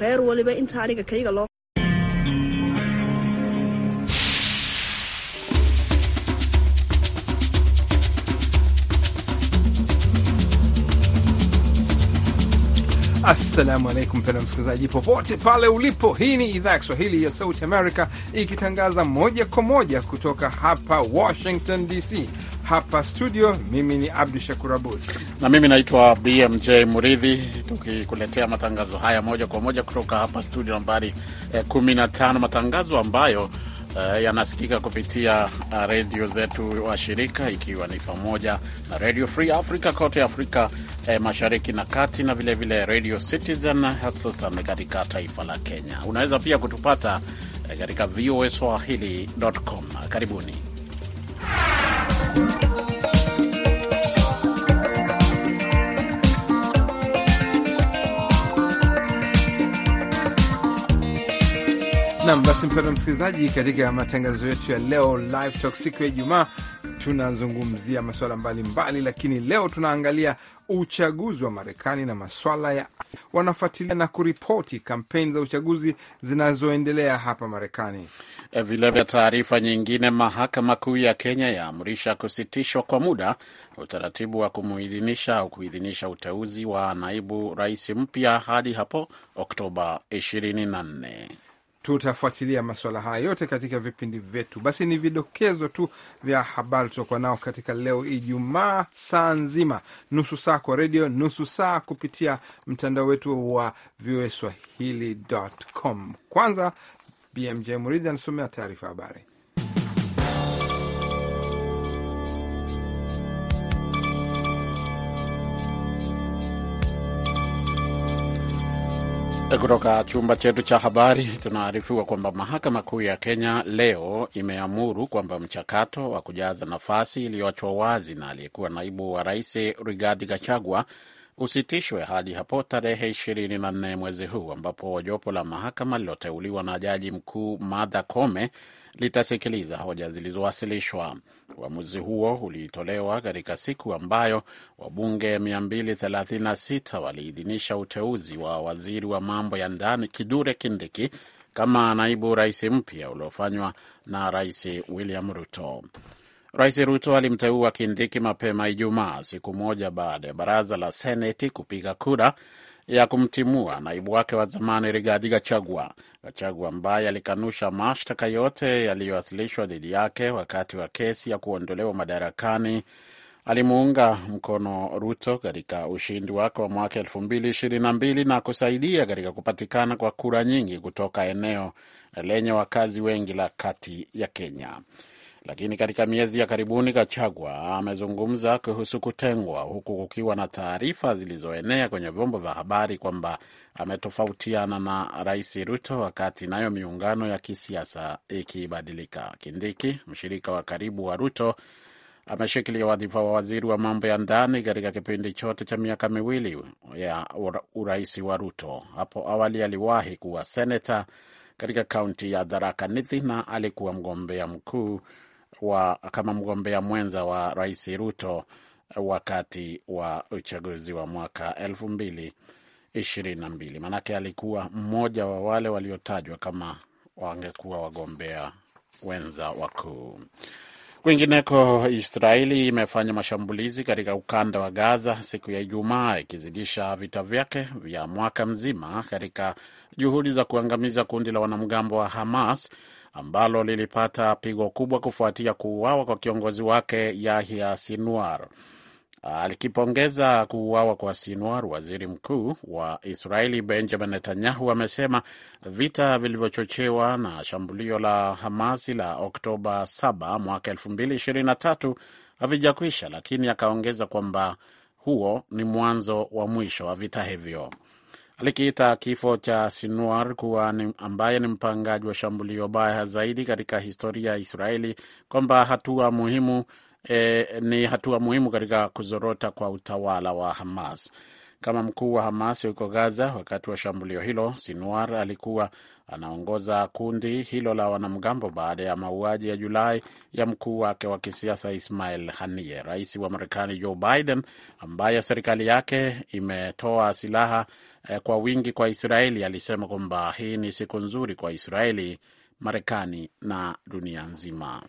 reer waliba inta aniga kayga loo Assalamu alaikum pena msikilizaji, popote pale ulipo. Hii ni idhaa ya Kiswahili ya Sauti Amerika ikitangaza moja kwa moja kutoka hapa Washington DC. Hapa studio mimi ni Abdu Shakur Abud na mimi naitwa BMJ Muridhi, tukikuletea matangazo haya moja kwa moja kutoka hapa studio nambari 15, eh, matangazo ambayo Uh, yanasikika kupitia uh, redio zetu wa shirika ikiwa ni pamoja na Radio Free Africa kote Afrika eh, Mashariki na Kati, na vilevile Radio Citizen hususan katika taifa la Kenya. Unaweza pia kutupata eh, katika voa swahili.com. Karibuni. Nam basi, mpendo msikilizaji, katika matangazo yetu ya leo Live Talk siku ya Ijumaa tunazungumzia masuala mbalimbali, lakini leo tunaangalia uchaguzi wa Marekani na maswala ya wanafuatilia na kuripoti kampeni za uchaguzi zinazoendelea hapa Marekani. Vilevile eh, taarifa nyingine, mahakama kuu ya Kenya yaamrisha kusitishwa kwa muda utaratibu wa kumuidhinisha au kuidhinisha uteuzi wa naibu rais mpya hadi hapo Oktoba 24. Tutafuatilia masuala haya yote katika vipindi vyetu. Basi ni vidokezo tu vya habari tutakuwa nao katika leo Ijumaa, saa nzima, nusu saa kwa redio, nusu saa kupitia mtandao wetu wa voaswahili.com. Kwanza BMJ Muridhi anasomea taarifa habari. Kutoka chumba chetu cha habari tunaarifiwa kwamba mahakama kuu ya Kenya leo imeamuru kwamba mchakato wa kujaza nafasi iliyoachwa wazi na aliyekuwa naibu wa rais Rigathi Gachagua usitishwe hadi hapo tarehe ishirini na nne mwezi huu ambapo jopo la mahakama lililoteuliwa na jaji mkuu Martha Koome litasikiliza hoja zilizowasilishwa. Uamuzi huo ulitolewa katika siku ambayo wabunge 236 waliidhinisha uteuzi wa waziri wa mambo ya ndani kidure Kindiki kama naibu rais mpya uliofanywa na Rais William Ruto. Rais Ruto alimteua Kindiki mapema Ijumaa, siku moja baada ya baraza la seneti kupiga kura ya kumtimua naibu wake wa zamani Rigathi Gachagua. Gachagua ambaye alikanusha mashtaka yote yaliyowasilishwa dhidi yake wakati wa kesi ya kuondolewa madarakani alimuunga mkono Ruto katika ushindi wake wa mwaka elfu mbili ishirini na mbili na kusaidia katika kupatikana kwa kura nyingi kutoka eneo lenye wakazi wengi la kati ya Kenya. Lakini katika miezi ya karibuni Kachagwa amezungumza kuhusu kutengwa, huku kukiwa na taarifa zilizoenea kwenye vyombo vya habari kwamba ametofautiana na Rais Ruto, wakati nayo miungano ya kisiasa ikibadilika. Kindiki, mshirika wa karibu wa Ruto, ameshikilia wadhifa wa waziri wa mambo ya ndani katika kipindi chote cha miaka miwili ya urais wa Ruto. Hapo awali aliwahi kuwa seneta katika kaunti ya Tharaka Nithi na alikuwa mgombea mkuu kuwa kama mgombea mwenza wa Rais Ruto wakati wa uchaguzi wa mwaka elfu mbili ishirini na mbili. Maanake alikuwa mmoja wa wale waliotajwa kama wangekuwa wagombea wenza wakuu. Kwingineko, Israeli imefanya mashambulizi katika ukanda wa Gaza siku ya Ijumaa, ikizidisha vita vyake vya mwaka mzima katika juhudi za kuangamiza kundi la wanamgambo wa Hamas ambalo lilipata pigo kubwa kufuatia kuuawa kwa kiongozi wake Yahya Sinwar. Alikipongeza kuuawa kwa Sinwar, waziri mkuu wa Israeli Benjamin Netanyahu amesema vita vilivyochochewa na shambulio la Hamasi la Oktoba 7 mwaka 2023 havijakwisha, lakini akaongeza kwamba huo ni mwanzo wa mwisho wa vita hivyo alikiita kifo cha Sinwar kuwa ni ambaye ni mpangaji wa shambulio baya zaidi katika historia ya Israeli kwamba hatua muhimu e, ni hatua muhimu katika kuzorota kwa utawala wa Hamas kama mkuu wa Hamas huko Gaza wakati wa shambulio hilo. Sinwar alikuwa anaongoza kundi hilo la wanamgambo baada ya mauaji ya Julai ya mkuu wake wa kisiasa Ismail Haniyeh. Rais wa Marekani Joe Biden, ambaye serikali yake imetoa silaha Eh, kwa wingi kwa Israeli, alisema kwamba hii ni siku nzuri kwa Israeli, Marekani na dunia nzima.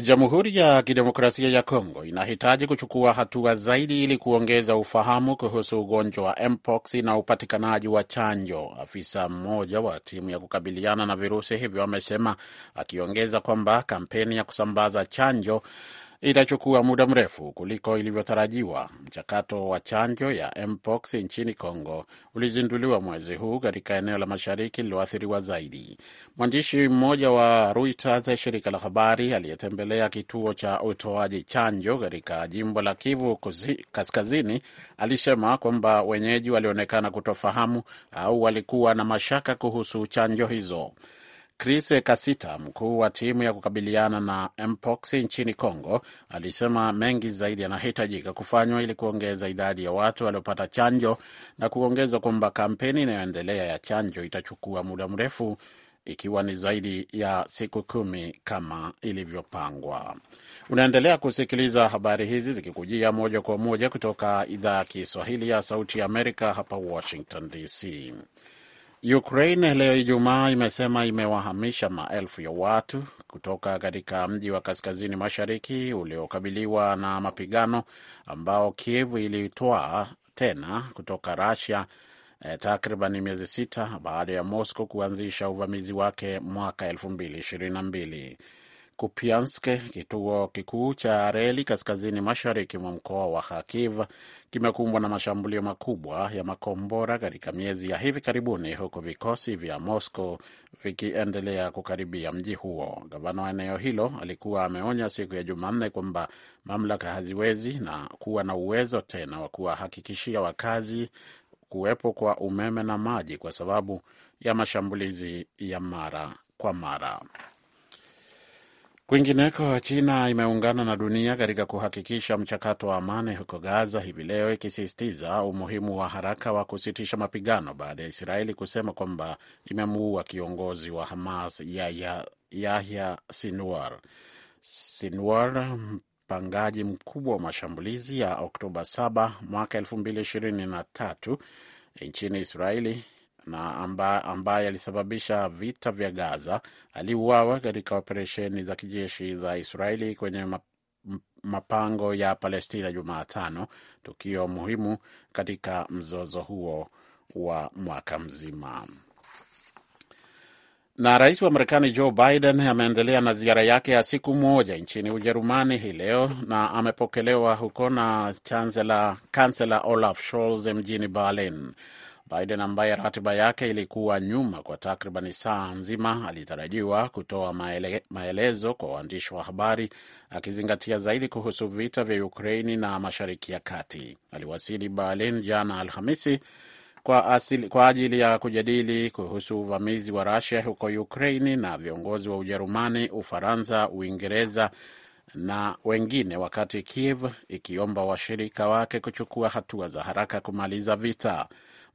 Jamhuri ya Kidemokrasia ya Kongo inahitaji kuchukua hatua zaidi ili kuongeza ufahamu kuhusu ugonjwa wa mpox na upatikanaji wa chanjo, afisa mmoja wa timu ya kukabiliana na virusi hivyo amesema, akiongeza kwamba kampeni ya kusambaza chanjo itachukua muda mrefu kuliko ilivyotarajiwa. Mchakato wa chanjo ya mpox nchini congo ulizinduliwa mwezi huu katika eneo la mashariki lililoathiriwa zaidi. Mwandishi mmoja wa Reuters, shirika la habari, aliyetembelea kituo cha utoaji chanjo katika jimbo la Kivu Kaskazini alisema kwamba wenyeji walionekana kutofahamu au walikuwa na mashaka kuhusu chanjo hizo. Chris Kasita, mkuu wa timu ya kukabiliana na mpox nchini congo alisema mengi zaidi yanahitajika kufanywa ili kuongeza idadi ya watu waliopata chanjo na kuongeza kwamba kampeni inayoendelea ya chanjo itachukua muda mrefu ikiwa ni zaidi ya siku kumi kama ilivyopangwa. Unaendelea kusikiliza habari hizi zikikujia moja kwa moja kutoka idhaa ya Kiswahili ya Sauti ya Amerika hapa Washington DC. Ukraine leo Ijumaa imesema imewahamisha maelfu ya watu kutoka katika mji wa kaskazini mashariki uliokabiliwa na mapigano ambao Kiev ilitwaa tena kutoka Russia eh, takriban miezi sita baada ya Moscow kuanzisha uvamizi wake mwaka 2022. Kupiansk, kituo kikuu cha reli kaskazini mashariki mwa mkoa wa Kharkiv, kimekumbwa na mashambulio makubwa ya makombora katika miezi ya hivi karibuni, huku vikosi vya Moscow vikiendelea kukaribia mji huo. Gavana wa eneo hilo alikuwa ameonya siku ya Jumanne kwamba mamlaka haziwezi na kuwa na uwezo tena wa kuwahakikishia wakazi kuwepo kwa umeme na maji kwa sababu ya mashambulizi ya mara kwa mara. Kwingineko, China imeungana na dunia katika kuhakikisha mchakato wa amani huko Gaza hivi leo, ikisisitiza umuhimu wa haraka wa kusitisha mapigano baada ya Israeli kusema kwamba imemuua kiongozi wa Hamas Yahya ya, ya Sinwar. Sinwar, mpangaji mkubwa wa mashambulizi ya Oktoba 7 mwaka 2023 nchini Israeli na ambaye amba alisababisha vita vya Gaza aliuawa katika operesheni za kijeshi za Israeli kwenye mapango ya Palestina Jumatano, tukio muhimu katika mzozo huo wa mwaka mzima. Na rais wa Marekani Joe Biden ameendelea na ziara yake ya siku moja nchini Ujerumani hii leo na amepokelewa huko na kansela Olaf Scholz mjini Berlin. Biden ambaye ratiba yake ilikuwa nyuma kwa takribani saa nzima alitarajiwa kutoa maele, maelezo kwa waandishi wa habari akizingatia zaidi kuhusu vita vya Ukraini na Mashariki ya Kati. Aliwasili Berlin jana Alhamisi kwa, asili, kwa ajili ya kujadili kuhusu uvamizi wa Rusia huko Ukraini na viongozi wa Ujerumani, Ufaransa, Uingereza na wengine, wakati Kiev ikiomba washirika wake kuchukua hatua za haraka kumaliza vita.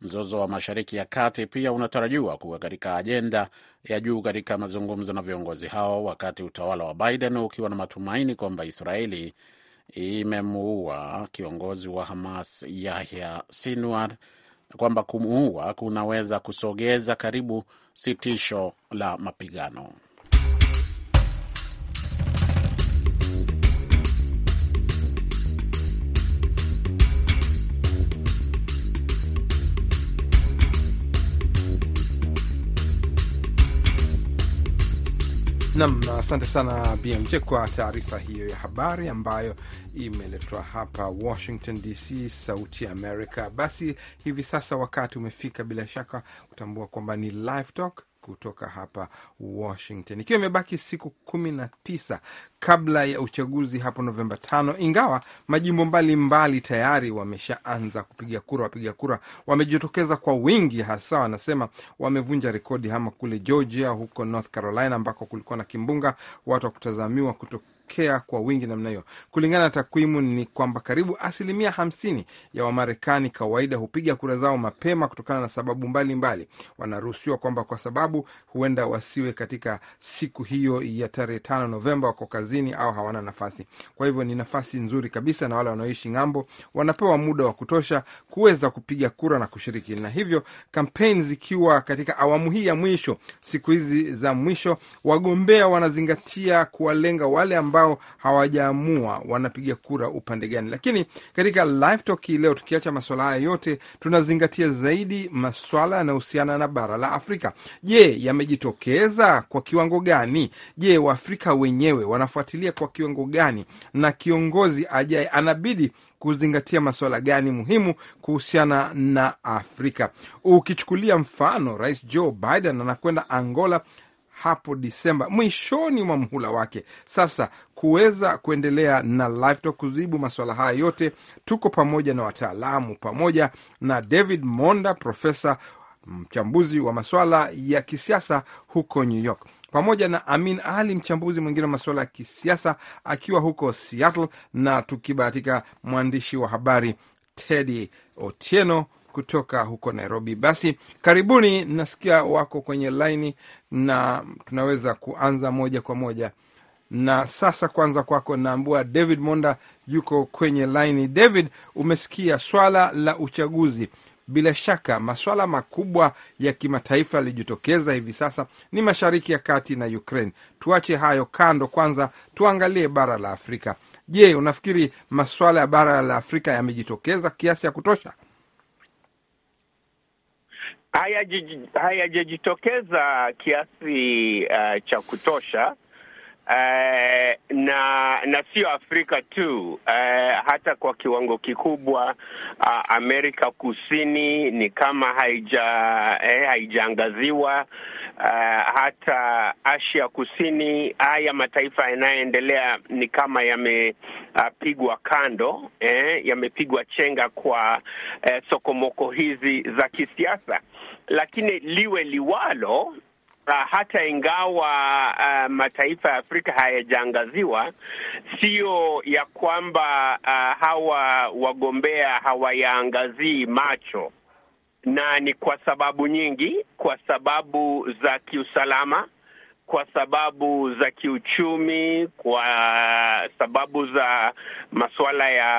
Mzozo wa Mashariki ya Kati pia unatarajiwa kuwa katika ajenda ya juu katika mazungumzo na viongozi hao, wakati utawala wa Biden ukiwa na matumaini kwamba Israeli imemuua kiongozi wa Hamas Yahya Sinwar, kwamba kumuua kunaweza kusogeza karibu sitisho la mapigano. Nam, asante sana BMJ kwa taarifa hiyo ya habari ambayo imeletwa hapa Washington DC, Sauti ya Amerika. Basi hivi sasa wakati umefika bila shaka kutambua kwamba ni live talk kutoka hapa Washington, ikiwa imebaki siku kumi na tisa kabla ya uchaguzi hapo Novemba tano, ingawa majimbo mbalimbali tayari wameshaanza kupiga kura. Wapiga kura wamejitokeza kwa wingi, hasa wanasema wamevunja rekodi, hama kule Georgia, huko North Carolina ambako kulikuwa na kimbunga, watu wakutazamiwa kuto kutokea kwa wingi namna hiyo. Kulingana na takwimu, ni kwamba karibu asilimia hamsini ya Wamarekani kawaida hupiga kura zao mapema kutokana na sababu mbalimbali. Wanaruhusiwa kwamba kwa sababu huenda wasiwe katika siku hiyo ya tarehe tano Novemba, wako kazini au hawana nafasi. Kwa hivyo ni nafasi nzuri kabisa, na wale wanaoishi ng'ambo wanapewa muda wa kutosha kuweza kupiga kura na kushiriki, na hivyo kampeni zikiwa katika awamu hii ya mwisho, siku hizi za mwisho, wagombea wanazingatia kuwalenga wale ambao ambao hawajaamua wanapiga kura upande gani. Lakini katika live talk hii leo, tukiacha maswala haya yote, tunazingatia zaidi maswala yanayohusiana na bara la Afrika. Je, yamejitokeza kwa kiwango gani? Je, Waafrika wenyewe wanafuatilia kwa kiwango gani? Na kiongozi ajaye anabidi kuzingatia masuala gani muhimu kuhusiana na Afrika? Ukichukulia mfano, Rais Joe Biden anakwenda Angola hapo Disemba mwishoni mwa mhula wake. Sasa kuweza kuendelea na live talk kujibu masuala haya yote, tuko pamoja na wataalamu, pamoja na David Monda, profesa mchambuzi wa masuala ya kisiasa huko New York, pamoja na Amin Ali, mchambuzi mwingine wa masuala ya kisiasa akiwa huko Seattle, na tukibahatika mwandishi wa habari Teddy Otieno kutoka huko Nairobi. Basi karibuni, nasikia wako kwenye laini na tunaweza kuanza moja kwa moja na sasa kwanza kwako naambua David Monda yuko kwenye laini. David, umesikia swala la uchaguzi. Bila shaka maswala makubwa ya kimataifa yalijitokeza hivi sasa ni mashariki ya kati na Ukraine. Tuache hayo kando, kwanza tuangalie bara la Afrika. Je, unafikiri maswala ya bara la Afrika yamejitokeza kiasi ya kutosha hayajajitokeza kiasi uh, cha kutosha uh, na na sio Afrika tu uh, hata kwa kiwango kikubwa uh, Amerika Kusini ni kama haija eh, haijaangaziwa uh, hata Asia Kusini, haya mataifa yanayoendelea ni kama yamepigwa uh, kando eh, yamepigwa chenga kwa uh, sokomoko hizi za kisiasa lakini liwe liwalo hata ingawa uh, mataifa ya Afrika hayajaangaziwa, sio ya kwamba uh, hawa wagombea hawayaangazii macho, na ni kwa sababu nyingi, kwa sababu za kiusalama kwa sababu za kiuchumi, kwa sababu za masuala ya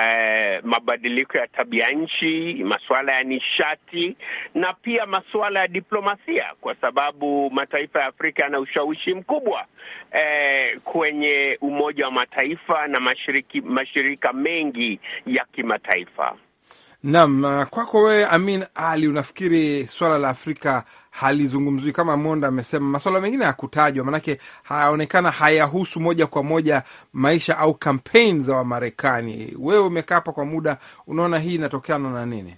eh, mabadiliko ya tabia nchi, masuala ya nishati na pia masuala ya diplomasia, kwa sababu mataifa ya Afrika yana ushawishi mkubwa eh, kwenye Umoja wa Mataifa na mashiriki, mashirika mengi ya kimataifa. Naam, uh, kwako wewe Amin Ali, unafikiri swala la Afrika halizungumzwi kama Monda amesema, maswala mengine hayakutajwa, maanake hayaonekana hayahusu moja kwa moja maisha au kampeni za Wamarekani. Wewe umekaa hapa kwa muda, unaona hii inatokana na nini?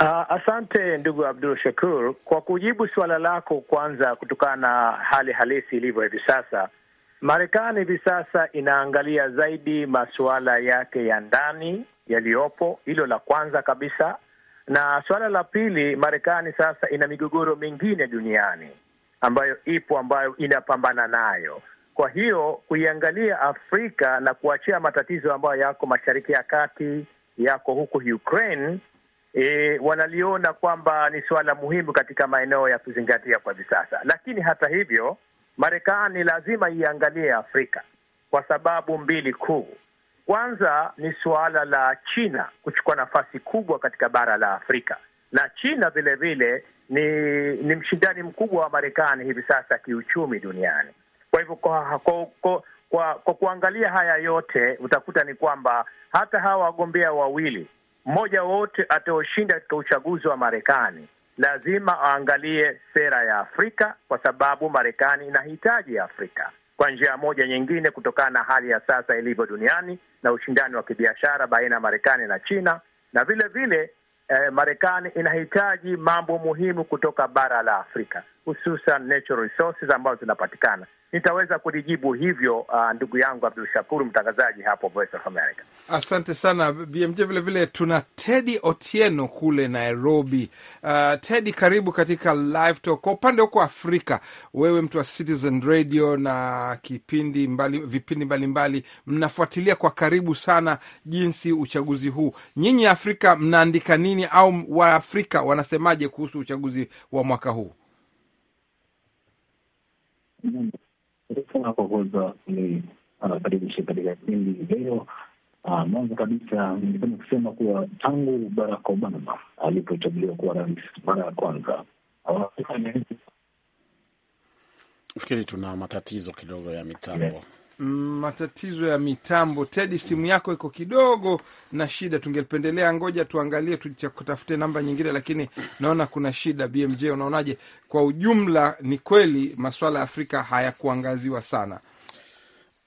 Uh, asante ndugu Abdul Shakur kwa kujibu suala lako. Kwanza, kutokana na hali halisi ilivyo hivi sasa Marekani hivi sasa inaangalia zaidi masuala yake ya ndani yaliyopo, hilo la kwanza kabisa, na suala la pili, Marekani sasa ina migogoro mingine duniani ambayo ipo, ambayo inapambana nayo. Kwa hiyo kuiangalia Afrika na kuachia matatizo ambayo yako Mashariki ya Kati, yako huko Ukraine, e, wanaliona kwamba ni suala muhimu katika maeneo ya kuzingatia kwa hivi sasa, lakini hata hivyo Marekani lazima iangalie Afrika kwa sababu mbili kuu. Kwanza ni suala la China kuchukua nafasi kubwa katika bara la Afrika, na China vilevile ni ni mshindani mkubwa wa Marekani hivi sasa kiuchumi duniani. Kwa hivyo kwa, kwa, kwa, kwa, kwa kuangalia haya yote utakuta ni kwamba hata hawa wagombea wawili, mmoja wote ataoshinda katika uchaguzi wa Marekani lazima aangalie sera ya Afrika kwa sababu Marekani inahitaji Afrika kwa njia moja nyingine, kutokana na hali ya sasa ilivyo duniani na ushindani wa kibiashara baina ya Marekani na China, na vile vile eh, Marekani inahitaji mambo muhimu kutoka bara la Afrika, hususan natural resources ambazo zinapatikana nitaweza kulijibu hivyo, uh, ndugu yangu Abdul Shakuru, mtangazaji hapo Voice of America. Asante sana BMJ. Vilevile tuna Tedi Otieno kule Nairobi. Uh, Tedi, karibu katika Live Talk. Kwa upande huko Afrika, wewe mtu wa Citizen Radio na kipindi mbali, vipindi mbalimbali mbali, mnafuatilia kwa karibu sana jinsi uchaguzi huu, nyinyi Afrika mnaandika nini au Waafrika wanasemaje kuhusu uchaguzi wa mwaka huu? mm -hmm sana kwa kuweza kunikaribisha uh, katika kipindi leo. Uh, mwanzo kabisa ningependa kusema kuwa tangu Barack Obama alipochaguliwa kuwa rais mara ya kwanza fikiri tuna matatizo kidogo ya mitambo matatizo ya mitambo. Tedi, simu yako iko kidogo na shida, tungependelea ngoja tuangalie, tutafute namba nyingine, lakini naona kuna shida. BMJ, unaonaje? Kwa ujumla, ni kweli maswala ya Afrika hayakuangaziwa sana.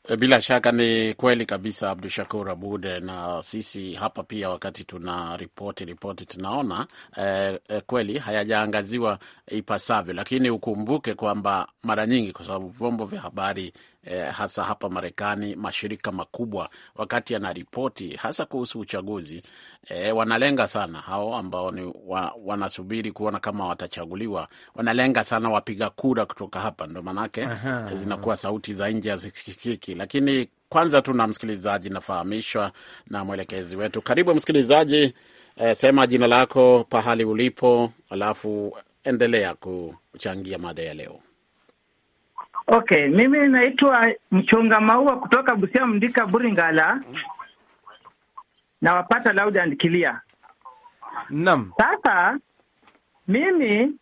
Eh, bila shaka ni kweli kabisa, Abdu Shakur Abud. Na sisi hapa pia, wakati tuna ripoti ripoti, tunaona eh, eh, kweli hayajaangaziwa ipasavyo, lakini ukumbuke kwamba mara nyingi, kwa sababu vyombo vya habari eh, hasa hapa Marekani mashirika makubwa wakati yanaripoti hasa kuhusu uchaguzi eh, wanalenga sana hao ambao ni wa, wanasubiri kuona kama watachaguliwa, wanalenga sana wapiga kura kutoka hapa, ndo maanake zinakuwa sauti za nje hazisikiki, lakini kwanza tu na msikilizaji nafahamishwa na mwelekezi wetu. Karibu msikilizaji, eh, sema jina lako, pahali ulipo, alafu endelea kuchangia mada ya leo. Okay, mimi naitwa Mchonga Maua kutoka Busia Mndika Buringala, nawapata loud and clear. Naam, sasa mimi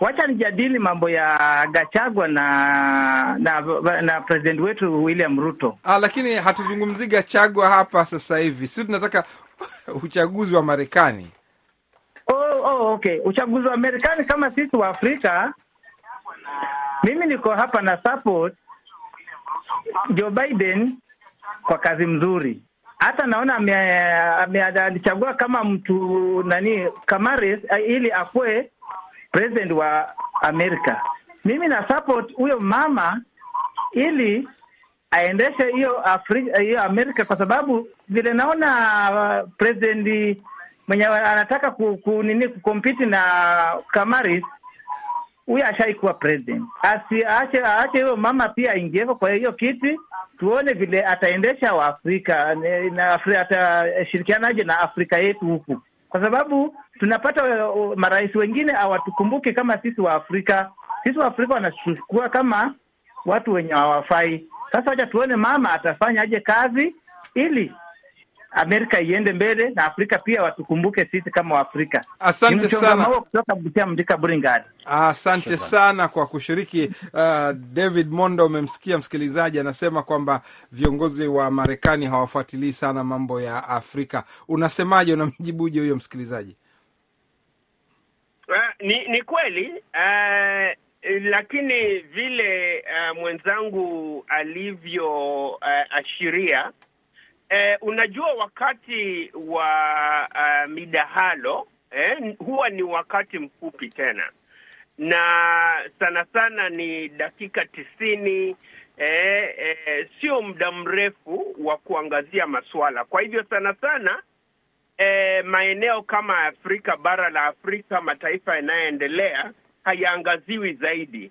wacha nijadili mambo ya Gachagua na na, na president wetu William Ruto. Ah, lakini hatuzungumzi Gachagua hapa sasa hivi, sisi tunataka uchaguzi wa Marekani. Oh, oh, okay, uchaguzi wa Marekani kama sisi wa Afrika mimi niko hapa na support Joe Biden kwa kazi mzuri, hata naona ame, kama mtu nani Kamaris eh, ili akuwe president wa Amerika. Mimi na support huyo mama ili aendeshe hiyo Afrika, hiyo Amerika kwa sababu vile naona uh, president mwenye anataka ku, ku nini kukompiti na Kamaris huyu ashaikuwa president, asiache aache huyo mama pia aingieko kwa hiyo kiti, tuone vile ataendesha Waafrika na atashirikianaje na Afrika yetu huku, kwa sababu tunapata uh, marais wengine hawatukumbuki kama sisi Waafrika. Sisi Waafrika wanachukua kama watu wenye hawafai. Sasa wacha tuone mama atafanyaje kazi ili Amerika iende mbele na Afrika pia watukumbuke sisi kama Waafrika. Asante sana kutoka Busia, Asante sana kwa kushiriki. Uh, David Mondo, umemsikia msikilizaji anasema kwamba viongozi wa Marekani hawafuatilii sana mambo ya Afrika. Unasemaje, unamjibuje huyo msikilizaji? Uh, ni, ni kweli uh, lakini vile uh, mwenzangu alivyoashiria uh, eh, unajua wakati wa uh, midahalo eh, huwa ni wakati mfupi tena, na sana sana ni dakika tisini eh, eh, sio muda mrefu wa kuangazia masuala. Kwa hivyo sana sana eh, maeneo kama Afrika, bara la Afrika, mataifa yanayoendelea hayaangaziwi zaidi,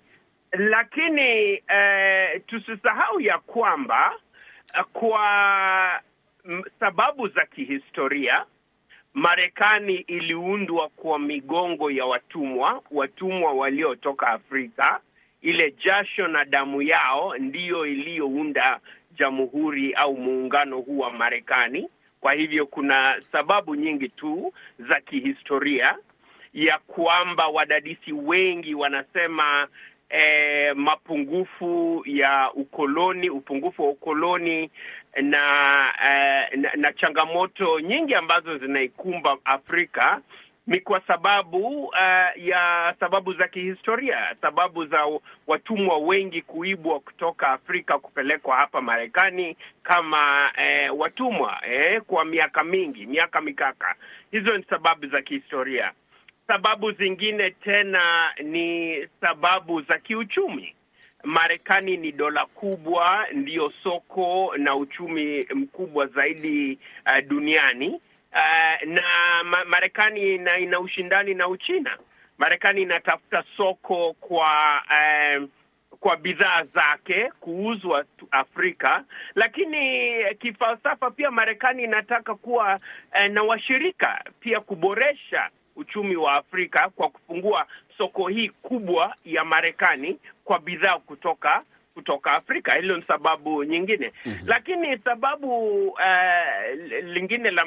lakini eh, tusisahau ya kwamba kwa sababu za kihistoria, Marekani iliundwa kwa migongo ya watumwa, watumwa waliotoka Afrika. Ile jasho na damu yao ndiyo iliyounda jamhuri au muungano huu wa Marekani. Kwa hivyo kuna sababu nyingi tu za kihistoria ya kwamba wadadisi wengi wanasema eh, mapungufu ya ukoloni, upungufu wa ukoloni na, eh, na na changamoto nyingi ambazo zinaikumba Afrika ni kwa sababu uh, ya sababu za kihistoria, sababu za watumwa wengi kuibwa kutoka Afrika kupelekwa hapa Marekani kama eh, watumwa eh, kwa miaka mingi, miaka mikaka. Hizo ni sababu za kihistoria sababu zingine tena ni sababu za kiuchumi. Marekani ni dola kubwa, ndiyo soko na uchumi mkubwa zaidi uh, duniani uh, na ma Marekani ina, ina ushindani na Uchina. Marekani inatafuta soko kwa uh, kwa bidhaa zake kuuzwa Afrika, lakini eh, kifalsafa pia Marekani inataka kuwa uh, na washirika pia kuboresha uchumi wa Afrika kwa kufungua soko hii kubwa ya Marekani kwa bidhaa kutoka kutoka Afrika. Hilo ni sababu nyingine mm -hmm. Lakini sababu uh, lingine la,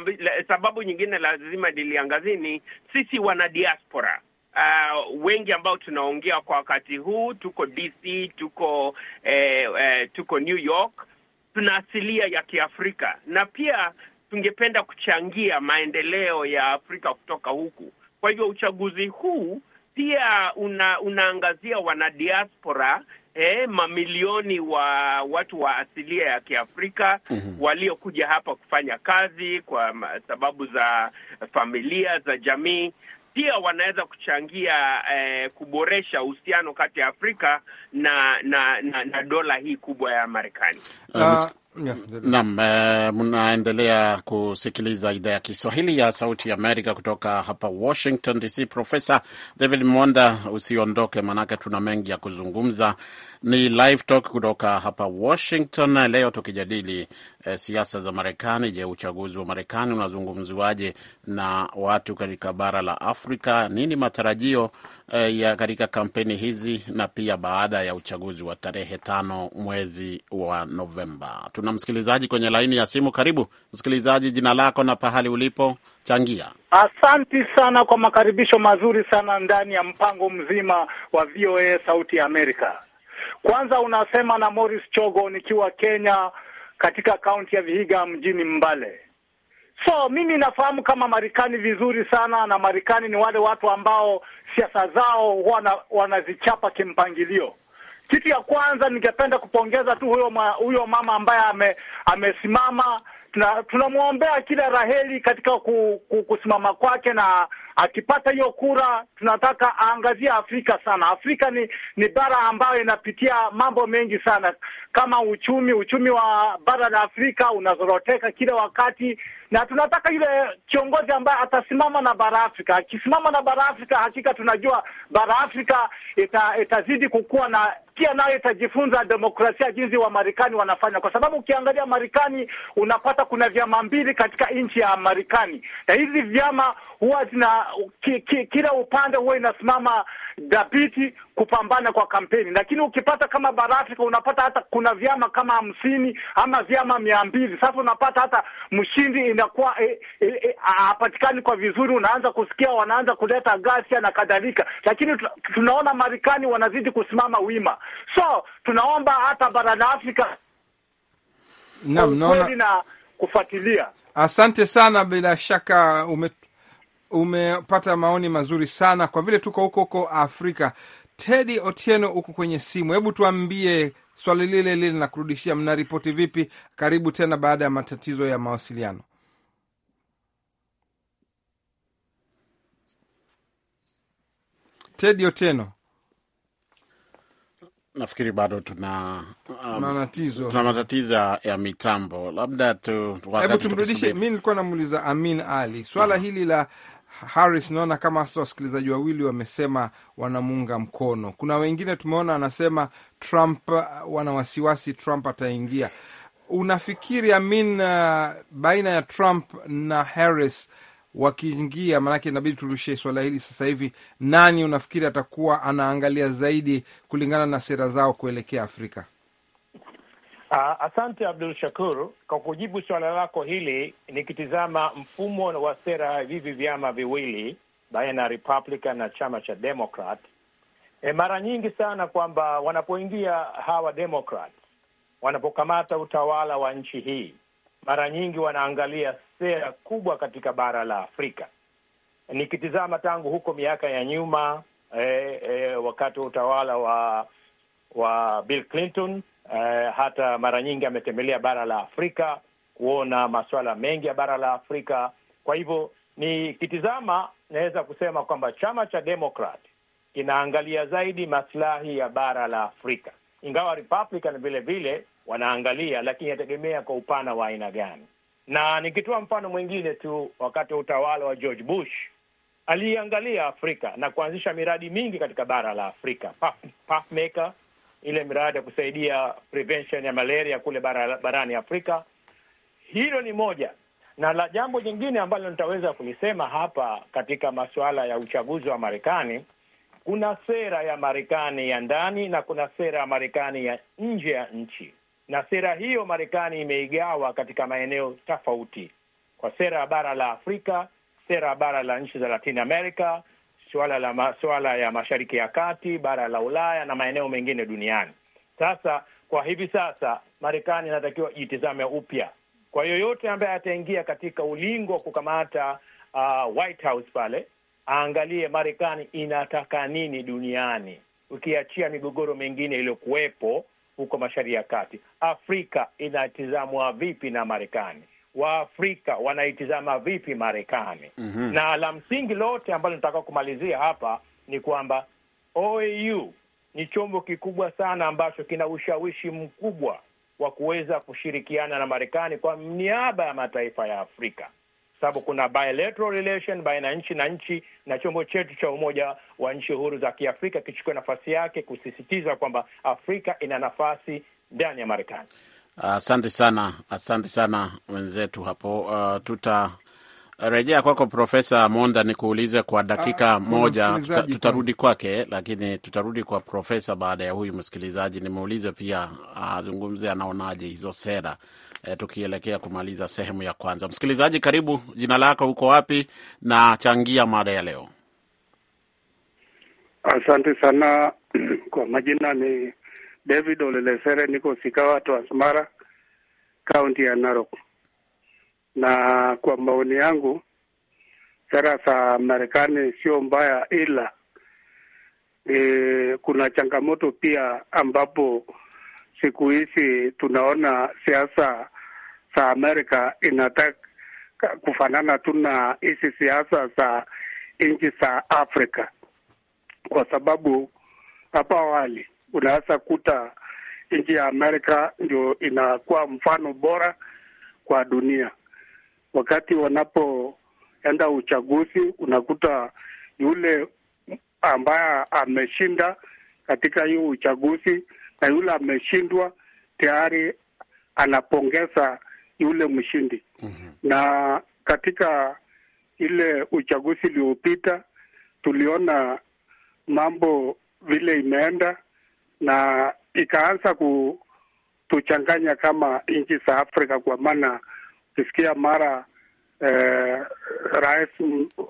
sababu nyingine lazima niliangazia ni sisi wana diaspora Uh, wengi ambao tunaongea kwa wakati huu tuko DC, tuko eh, eh, tuko New York, tuna asilia ya Kiafrika na pia tungependa kuchangia maendeleo ya Afrika kutoka huku. Kwa hivyo uchaguzi huu pia una, unaangazia wanadiaspora eh, mamilioni wa watu wa asilia ya Kiafrika mm -hmm. waliokuja hapa kufanya kazi kwa sababu za familia za jamii pia wanaweza kuchangia eh, kuboresha uhusiano kati ya Afrika na na, na na dola hii kubwa ya Marekani. Uh, Mm. Naam, eh, mnaendelea kusikiliza idhaa ya Kiswahili ya Sauti ya Amerika kutoka hapa Washington DC. Profesa David Monda, usiondoke, maanake tuna mengi ya kuzungumza. Ni live talk kutoka hapa Washington leo tukijadili e, siasa za Marekani. Je, uchaguzi wa Marekani unazungumziwaje na watu katika bara la Afrika? Nini matarajio e, ya katika kampeni hizi na pia baada ya uchaguzi wa tarehe tano mwezi wa Novemba? Tuna msikilizaji kwenye laini ya simu. Karibu msikilizaji, jina lako na pahali ulipo, changia. Asanti sana kwa makaribisho mazuri sana ndani ya mpango mzima wa VOA Sauti ya Amerika. Kwanza unasema na Morris Chogo nikiwa Kenya, katika kaunti ya Vihiga mjini Mbale. So mimi nafahamu kama Marekani vizuri sana, na Marekani ni wale watu ambao siasa zao huwa wanazichapa kimpangilio kitu ya kwanza ningependa kupongeza tu huyo ma, huyo mama ambaye ame, amesimama. Tunamwombea kila raheli katika ku, ku, kusimama kwake, na akipata hiyo kura, tunataka aangazie Afrika sana. Afrika ni, ni bara ambayo inapitia mambo mengi sana, kama uchumi. Uchumi wa bara la Afrika unazoroteka kila wakati, na tunataka yule kiongozi ambaye atasimama na bara Afrika. Akisimama na bara Afrika, hakika tunajua bara Afrika ita, itazidi kukua na pia nayo itajifunza demokrasia jinsi wa Marekani wanafanya, kwa sababu ukiangalia Marekani unapata kuna vyama mbili katika nchi ya Marekani, na hizi vyama huwa zina ki, ki, kila upande huwa inasimama dhabiti kupambana kwa kampeni, lakini ukipata kama Barafrika unapata hata kuna vyama kama hamsini ama vyama mia mbili. Sasa unapata hata mshindi inakuwa eh, eh, eh, hapatikani e, e, kwa vizuri, unaanza kusikia wanaanza kuleta ghasia na kadhalika, lakini tunaona Marekani wanazidi kusimama wima, so tunaomba hata bara la Afrika na kufuatilia. Asante sana, bila shaka umet umepata maoni mazuri sana kwa vile tuko huko huko Afrika. Tedi Otieno huko kwenye simu, hebu tuambie swali lile lile nakurudishia, mnaripoti vipi? Karibu tena baada ya matatizo ya mawasiliano. Tedi Otieno, nafikiri bado tuna um, tuna matatizo ya mitambo, labda tu, hebu tumrudishe. Mi nilikuwa namuuliza Amin Ali swala mhm. hili la Harris, naona kama hasa wasikilizaji wawili wamesema wanamuunga mkono. Kuna wengine tumeona anasema Trump, uh, wana wasiwasi Trump ataingia. Unafikiri Amin, uh, baina ya Trump na Harris wakiingia, maanake inabidi turushe swala hili sasa hivi, nani unafikiri atakuwa anaangalia zaidi kulingana na sera zao kuelekea Afrika? Asante Abdul Shakur kwa kujibu suala lako hili. Nikitizama mfumo wa sera hivi vyama viwili baina ya Republican na chama cha Democrat, e, mara nyingi sana kwamba wanapoingia hawa Democrat, wanapokamata utawala wa nchi hii, mara nyingi wanaangalia sera kubwa katika bara la Afrika. Nikitizama tangu huko miaka ya nyuma, e, e, wakati wa utawala wa wa Bill Clinton eh, hata mara nyingi ametembelea bara la Afrika kuona masuala mengi ya bara la Afrika. Kwa hivyo nikitizama, naweza kusema kwamba chama cha demokrat kinaangalia zaidi masilahi ya bara la Afrika, ingawa Republican vile vile wanaangalia, lakini inategemea kwa upana wa aina gani. Na nikitoa mfano mwingine tu, wakati wa utawala wa George Bush aliangalia Afrika na kuanzisha miradi mingi katika bara la Afrika, Puff, Puffmaker ile miradi ya kusaidia prevention ya malaria kule bara, barani Afrika. Hilo ni moja, na la jambo jingine ambalo nitaweza kulisema hapa katika masuala ya uchaguzi wa Marekani, kuna sera ya Marekani ya ndani na kuna sera ya Marekani ya nje ya nchi, na sera hiyo Marekani imeigawa katika maeneo tofauti, kwa sera ya bara la Afrika, sera ya bara la nchi za Latin America suala la masuala ya Mashariki ya Kati, bara la Ulaya na maeneo mengine duniani. Sasa kwa hivi sasa Marekani inatakiwa jitizame upya kwa yoyote ambaye ataingia katika ulingo wa kukamata uh, White House pale, aangalie Marekani inataka nini duniani, ukiachia migogoro mengine iliyokuwepo huko Mashariki ya Kati. Afrika inatizamwa vipi na Marekani? Waafrika wanaitizama vipi Marekani? mm -hmm. Na la msingi lote ambalo nataka kumalizia hapa ni kwamba OAU ni chombo kikubwa sana ambacho kina ushawishi mkubwa wa kuweza kushirikiana na Marekani kwa niaba ya mataifa ya Afrika, sababu kuna bilateral relation baina ya nchi na nchi, na chombo chetu cha Umoja wa Nchi Huru za Kiafrika kichukua nafasi yake kusisitiza kwamba Afrika ina nafasi ndani ya Marekani. Asante uh, sana, asante sana wenzetu hapo. Uh, tutarejea kwako Profesa Monda ni kuulize kwa dakika uh, moja. Tuta, tutarudi kwake, lakini tutarudi kwa profesa baada ya huyu msikilizaji, nimuulize pia azungumze, uh, anaonaje hizo sera uh, tukielekea kumaliza sehemu ya kwanza. Msikilizaji, karibu. Jina lako, uko wapi na changia mada ya leo? Asante sana. Kwa majina ni David Olelesere, niko Sikawa to Asmara, kaunti ya Narok. Na kwa maoni yangu, sera za Marekani sio mbaya, ila e, kuna changamoto pia ambapo siku hizi tunaona siasa za Amerika inataka kufanana tu na hizi siasa za nchi za Afrika, kwa sababu hapo awali unaweza kuta nchi ya Amerika ndio inakuwa mfano bora kwa dunia. Wakati wanapoenda uchaguzi, unakuta yule ambaye ameshinda katika hiyo uchaguzi na yule ameshindwa tayari anapongeza yule mshindi. mm -hmm. Na katika ile uchaguzi iliyopita tuliona mambo vile imeenda na ikaanza kutuchanganya kama nchi za Afrika, kwa maana ukisikia mara eh, rais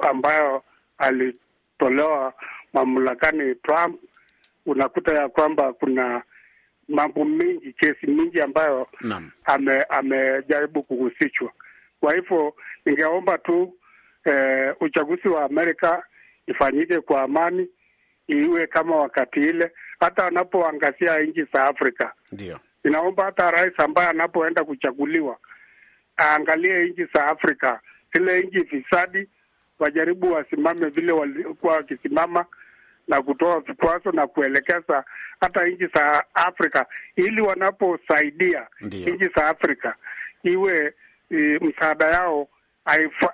ambayo alitolewa mamlakani Trump, unakuta ya kwamba kuna mambo mengi, kesi mingi ambayo ame, amejaribu kuhusishwa. Kwa hivyo ningeomba tu eh, uchaguzi wa Amerika ifanyike kwa amani, iwe kama wakati ile hata anapoangazia nchi za Afrika. Ndio inaomba hata rais ambaye anapoenda kuchaguliwa aangalie nchi za Afrika, zile nchi fisadi, wajaribu wasimame vile walikuwa wakisimama na kutoa vikwazo na kuelekeza hata nchi za Afrika ili wanaposaidia nchi za Afrika iwe e, msaada yao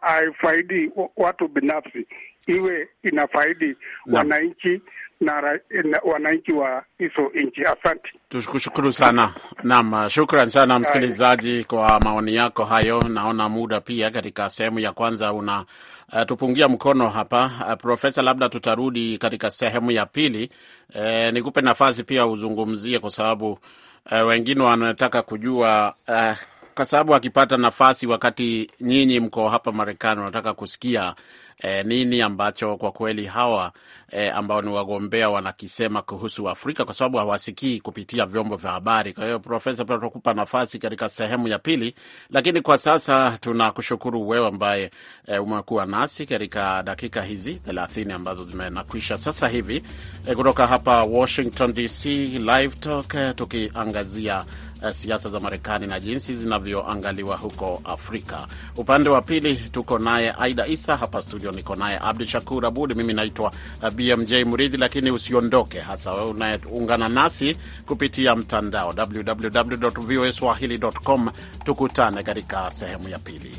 haifaidi watu binafsi, iwe inafaidi wananchi na, wananchi wa hizo nchi. Asante, tukushukuru sana. Naam, shukran sana msikilizaji kwa maoni yako hayo. Naona muda pia katika sehemu ya kwanza una uh, tupungia mkono hapa uh, Profesa, labda tutarudi katika sehemu ya pili. Uh, nikupe nafasi pia uzungumzie kwa sababu uh, wengine wanataka kujua uh, kwa sababu akipata nafasi, wakati nyinyi mko hapa Marekani, wanataka kusikia eh, nini ambacho kwa kweli hawa eh, ambao ni wagombea wanakisema kuhusu Afrika, kwa sababu hawasikii kupitia vyombo vya habari. Kwa hiyo, Profesa, pia tutakupa nafasi katika sehemu ya pili, lakini kwa sasa tunakushukuru wewe ambaye eh, umekuwa nasi katika dakika hizi thelathini ambazo zimenakwisha sasa hivi eh, kutoka hapa Washington DC, Live Talk eh, tukiangazia Eh, siasa za Marekani na jinsi zinavyoangaliwa huko Afrika. Upande wa pili tuko naye Aida Isa hapa studio, niko naye Abdu Shakur Abud, mimi naitwa eh, BMJ Muridhi. Lakini usiondoke, hasa wewe unayeungana nasi kupitia mtandao www voa com. Tukutane katika sehemu ya pili.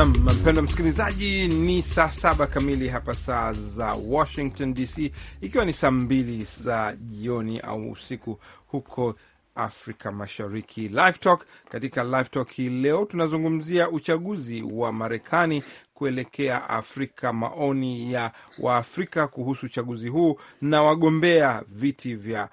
Nam mpendwa msikilizaji, ni saa saba kamili hapa saa za Washington DC, ikiwa ni saa mbili za jioni au usiku huko Afrika Mashariki. Live Talk, katika Live Talk hii leo tunazungumzia uchaguzi wa Marekani kuelekea Afrika, maoni ya Waafrika kuhusu uchaguzi huu na wagombea viti vya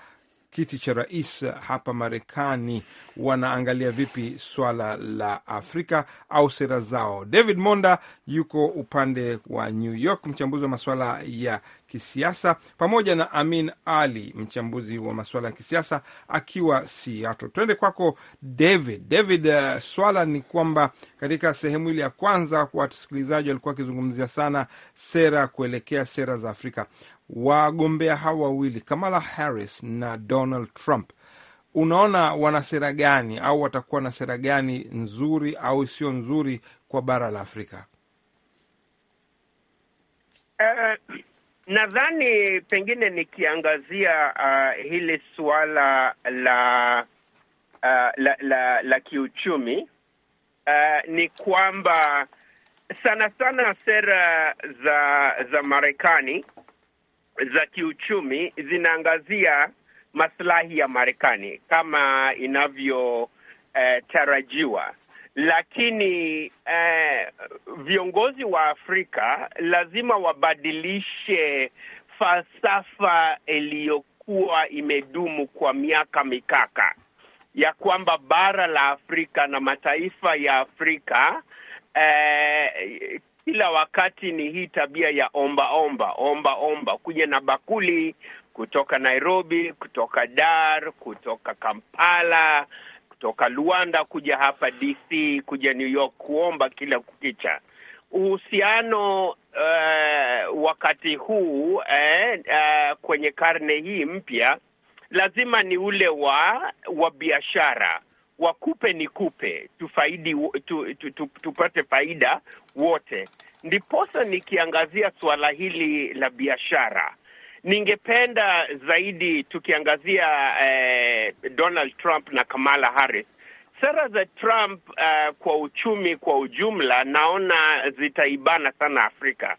kiti cha rais hapa Marekani wanaangalia vipi swala la Afrika au sera zao. David Monda yuko upande wa New York, mchambuzi wa masuala ya kisiasa, pamoja na Amin Ali, mchambuzi wa masuala ya kisiasa akiwa Seattle. Tuende kwako David. David, uh, swala ni kwamba katika sehemu ile ya kwanza kwa wasikilizaji walikuwa wakizungumzia sana sera kuelekea sera za Afrika. Wagombea hawa wawili Kamala Harris na Donald Trump unaona wana sera gani au watakuwa na sera gani nzuri au isiyo nzuri kwa bara la Afrika? Uh, Nadhani pengine nikiangazia uh, hili suala la, uh, la la la kiuchumi uh, ni kwamba sana sana sera za za Marekani za kiuchumi zinaangazia maslahi ya Marekani kama inavyotarajiwa. Uh, lakini eh, viongozi wa Afrika lazima wabadilishe falsafa iliyokuwa imedumu kwa miaka mikaka ya kwamba bara la Afrika na mataifa ya Afrika eh, kila wakati ni hii tabia ya omba omba omba omba, kuja na bakuli kutoka Nairobi, kutoka Dar, kutoka Kampala kutoka Luanda kuja hapa DC kuja New York kuomba kila kukicha uhusiano uh, wakati huu uh, uh, kwenye karne hii mpya lazima ni ule wa wa biashara wakupe kupe tufaidi tu, tu, tu, tupate faida wote. Ndiposa nikiangazia suala hili la biashara ningependa zaidi tukiangazia eh, Donald Trump na Kamala Harris. Sera za Trump uh, kwa uchumi kwa ujumla naona zitaibana sana Afrika.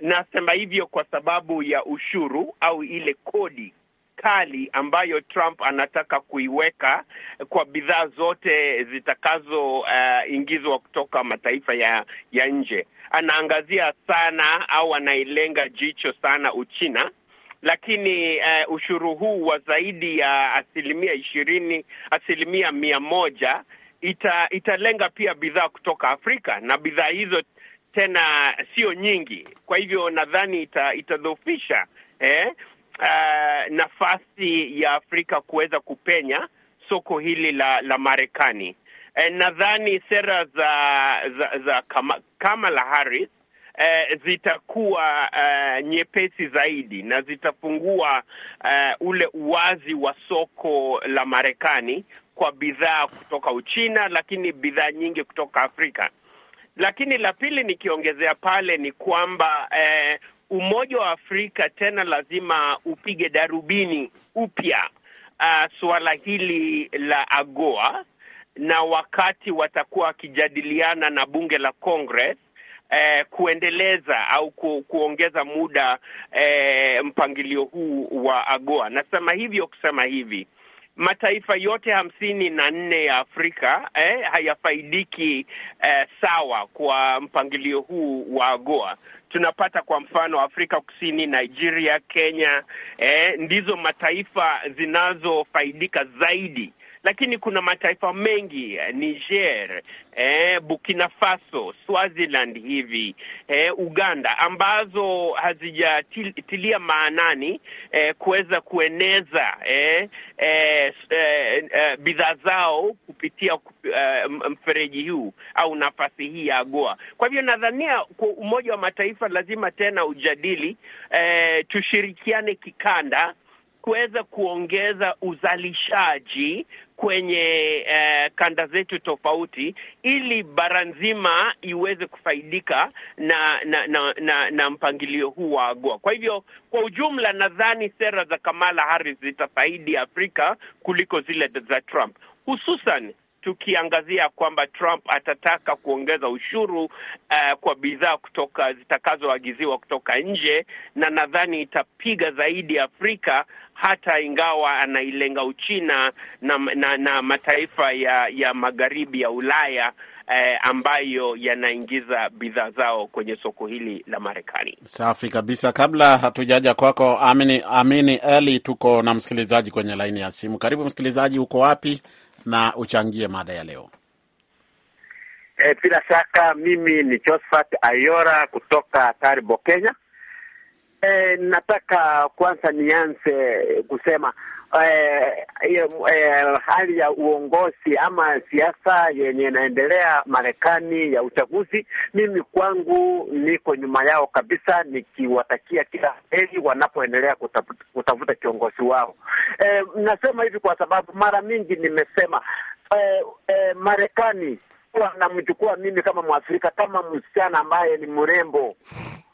Nasema hivyo kwa sababu ya ushuru au ile kodi kali ambayo Trump anataka kuiweka kwa bidhaa zote zitakazoingizwa eh, uh, kutoka mataifa ya, ya nje. Anaangazia sana au anailenga jicho sana Uchina lakini uh, ushuru huu wa zaidi ya asilimia ishirini, asilimia mia moja ita, italenga pia bidhaa kutoka Afrika na bidhaa hizo tena sio nyingi, kwa hivyo nadhani ita, itadhofisha eh, uh, nafasi ya Afrika kuweza kupenya soko hili la, la Marekani. Eh, nadhani sera za za, za Kamala Harris eh, zitakuwa eh, nyepesi zaidi na zitafungua eh, ule uwazi wa soko la Marekani kwa bidhaa kutoka Uchina, lakini bidhaa nyingi kutoka Afrika. Lakini la pili nikiongezea pale ni kwamba eh, Umoja wa Afrika tena lazima upige darubini upya uh, suala hili la AGOA na wakati watakuwa wakijadiliana na bunge la Congress eh, kuendeleza au ku, kuongeza muda eh, mpangilio huu wa AGOA. Nasema hivyo kusema hivi mataifa yote hamsini na nne ya Afrika eh, hayafaidiki eh, sawa kwa mpangilio huu wa AGOA. Tunapata kwa mfano Afrika Kusini, Nigeria, Kenya eh, ndizo mataifa zinazofaidika zaidi lakini kuna mataifa mengi eh, Niger, eh, Burkina Faso, Swaziland hivi eh, Uganda ambazo hazijatilia maanani eh, kuweza kueneza eh, eh, eh, eh, bidhaa zao kupitia eh, mfereji huu au nafasi hii ya AGOA. Kwa hivyo nadhania kwa Umoja wa Mataifa lazima tena ujadili eh, tushirikiane kikanda kuweza kuongeza uzalishaji kwenye eh, kanda zetu tofauti ili bara nzima iweze kufaidika na na, na, na, na mpangilio huu wa AGOA. Kwa hivyo kwa ujumla, nadhani sera za Kamala Harris zitafaidi Afrika kuliko zile za Trump, hususan tukiangazia kwamba Trump atataka kuongeza ushuru uh, kwa bidhaa kutoka zitakazoagiziwa kutoka nje, na nadhani itapiga zaidi Afrika hata ingawa anailenga Uchina na, na, na mataifa ya, ya magharibi ya Ulaya eh, ambayo yanaingiza bidhaa zao kwenye soko hili la Marekani. Safi kabisa. Kabla hatujaja kwako Amini, Amini Eli, tuko na msikilizaji kwenye laini ya simu. Karibu msikilizaji, uko wapi? na uchangie mada ya leo. E, bila shaka mimi ni Josephat Ayora kutoka Taribo, Kenya eh, nataka kwanza nianze kusema eh, eh, hali ya uongozi ama siasa yenye inaendelea Marekani ya uchaguzi, mimi kwangu niko nyuma yao kabisa, nikiwatakia kila heri wanapoendelea kutafuta, kutafuta kiongozi wao. Eh, nasema hivi kwa sababu mara mingi nimesema eh, eh, Marekani wanamchukua mimi kama Mwafrika kama msichana ambaye ni mrembo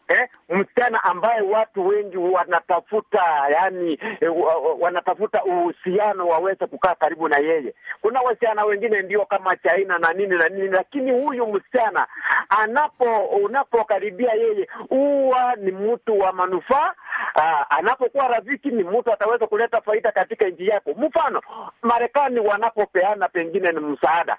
eh, msichana ambaye watu wengi wanatafuta yani, eh, wanatafuta uhusiano waweze kukaa karibu na yeye. Kuna wasichana wengine ndio kama China na nini na nini, lakini huyu msichana anapo unapokaribia yeye huwa ni mtu wa manufaa. Ah, anapokuwa rafiki ni mtu ataweza kuleta faida katika nchi yako. Mfano, Marekani wanapopeana pengine ni msaada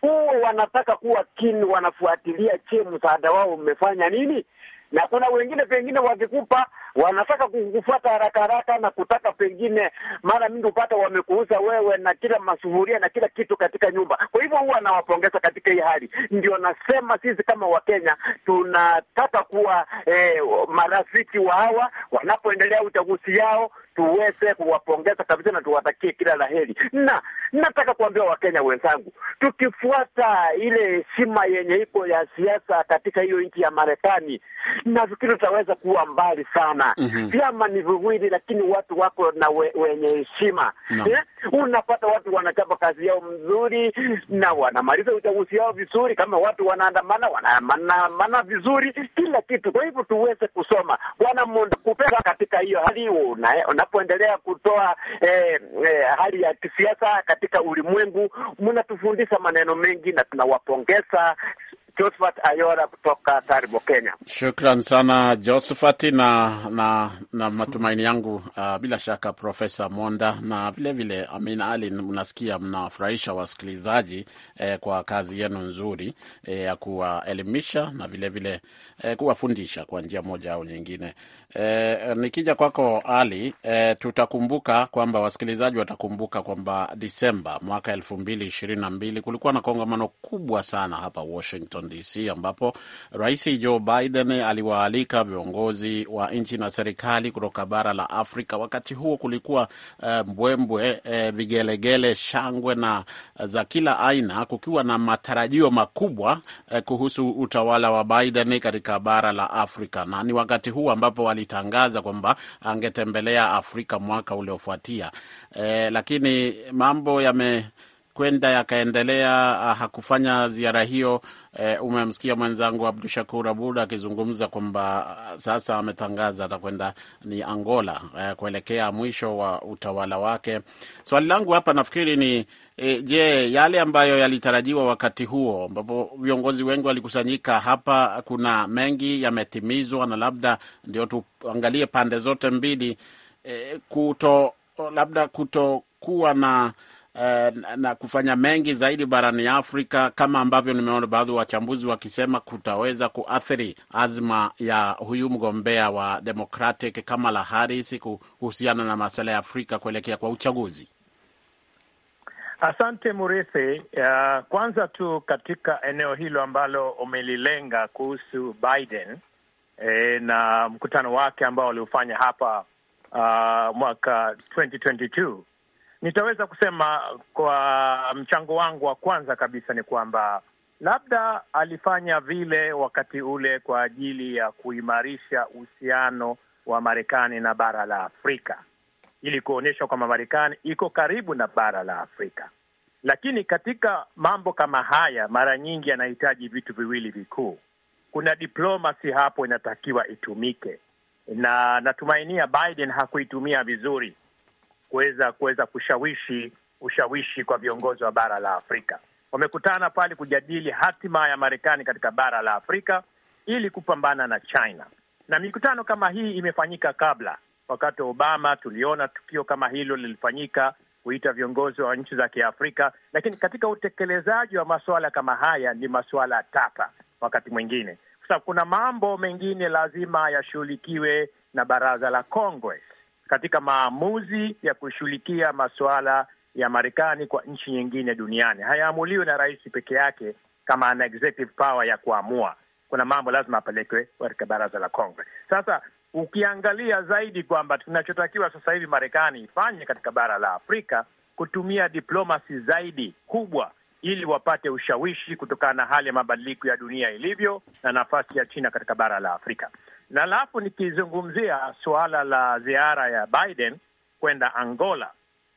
huo wanataka kuwa kini, wanafuatilia, je, msaada wao umefanya nini? na kuna wengine pengine wakikupa wanataka kufuata haraka haraka na kutaka pengine, mara mingi upata wamekuuza wewe na kila masufuria na kila kitu katika nyumba. Kwa hivyo huwa nawapongeza katika hii hali, ndio nasema sisi kama Wakenya tunataka kuwa eh, marafiki wa hawa wanapoendelea uchaguzi yao tuweze kuwapongeza kabisa na tuwatakie kila la heri. Na nataka kuambia Wakenya wenzangu, tukifuata ile heshima yenye iko ya siasa katika hiyo nchi ya Marekani, nafikiri tutaweza kuwa mbali sana sana mm -hmm. ni viwili, lakini watu wako na we, wenye heshima no. Yeah? Unapata watu wanachapa kazi yao mzuri na wanamaliza uchaguzi yao vizuri. Kama watu wanaandamana, wanaandamana vizuri, kila kitu. Kwa hivyo tuweze kusoma bwana Munda kupeka katika hiyo hali unapoendelea kutoa eh, eh, hali ya kisiasa katika ulimwengu, mnatufundisha maneno mengi na tunawapongeza Josephat Ayora kutoka Taribo, Kenya. Shukran sana Josephat, na na, na matumaini yangu uh, bila shaka Profesa Monda na vilevile vile, Amin Ali, mnasikia mnawafurahisha wasikilizaji eh, kwa kazi yenu nzuri eh, ya kuwaelimisha na vilevile vile, eh, kuwafundisha kwa njia moja au nyingine. Eh, nikija kwako Ali, eh, tutakumbuka kwamba wasikilizaji watakumbuka kwamba Disemba mwaka elfu mbili ishirini na mbili kulikuwa na kongamano kubwa sana hapa Washington Washington DC, ambapo Rais Joe Biden aliwaalika viongozi wa nchi na serikali kutoka bara la Afrika. Wakati huo kulikuwa uh, mbwembwe uh, vigelegele, shangwe na uh, za kila aina, kukiwa na matarajio makubwa uh, kuhusu utawala wa Biden katika bara la Afrika, na ni wakati huu ambapo walitangaza kwamba angetembelea Afrika mwaka uliofuatia, uh, lakini mambo yame kwenda yakaendelea ah, hakufanya ziara hiyo. E, umemsikia mwenzangu Abdu Shakur Abud akizungumza kwamba ah, sasa ametangaza atakwenda ni Angola e, kuelekea mwisho wa utawala wake. Swali langu hapa nafikiri ni e, je, yale ambayo yalitarajiwa wakati huo ambapo viongozi wengi walikusanyika hapa, kuna mengi yametimizwa, na labda ndio tuangalie pande zote mbili e, kuto labda kutokuwa na Eh, na kufanya mengi zaidi barani Afrika, kama ambavyo nimeona baadhi ya wachambuzi wakisema kutaweza kuathiri azma ya huyu mgombea wa Democratic Kamala Harris kuhusiana na masuala ya Afrika kuelekea kwa uchaguzi. Asante Murithi. Uh, kwanza tu katika eneo hilo ambalo umelilenga kuhusu Biden e, na mkutano wake ambao waliofanya hapa uh, mwaka 2022 Nitaweza kusema kwa mchango wangu wa kwanza kabisa ni kwamba labda alifanya vile wakati ule kwa ajili ya kuimarisha uhusiano wa Marekani na bara la Afrika ili kuonyesha kwamba Marekani iko karibu na bara la Afrika. Lakini katika mambo kama haya, mara nyingi yanahitaji vitu viwili vikuu. Kuna diplomasi hapo inatakiwa itumike, na natumainia Biden hakuitumia vizuri kuweza kuweza kushawishi ushawishi kwa viongozi wa bara la Afrika. Wamekutana pale kujadili hatima ya Marekani katika bara la Afrika ili kupambana na China, na mikutano kama hii imefanyika kabla. Wakati wa Obama tuliona tukio kama hilo lilifanyika, kuita viongozi wa nchi za Kiafrika, lakini katika utekelezaji wa masuala kama haya ni masuala tata wakati mwingine, kwa sababu kuna mambo mengine lazima yashughulikiwe na baraza la Congress katika maamuzi ya kushughulikia masuala ya Marekani kwa nchi nyingine duniani. Hayaamuliwi na rais peke yake kama ana executive power ya kuamua. Kuna mambo lazima apelekwe katika baraza la Congress. Sasa ukiangalia zaidi kwamba tunachotakiwa sasa hivi Marekani ifanye katika bara la Afrika kutumia diplomasi zaidi kubwa ili wapate ushawishi kutokana na hali ya mabadiliko ya dunia ilivyo na nafasi ya China katika bara la Afrika. Na alafu nikizungumzia suala la ziara ya Biden kwenda Angola,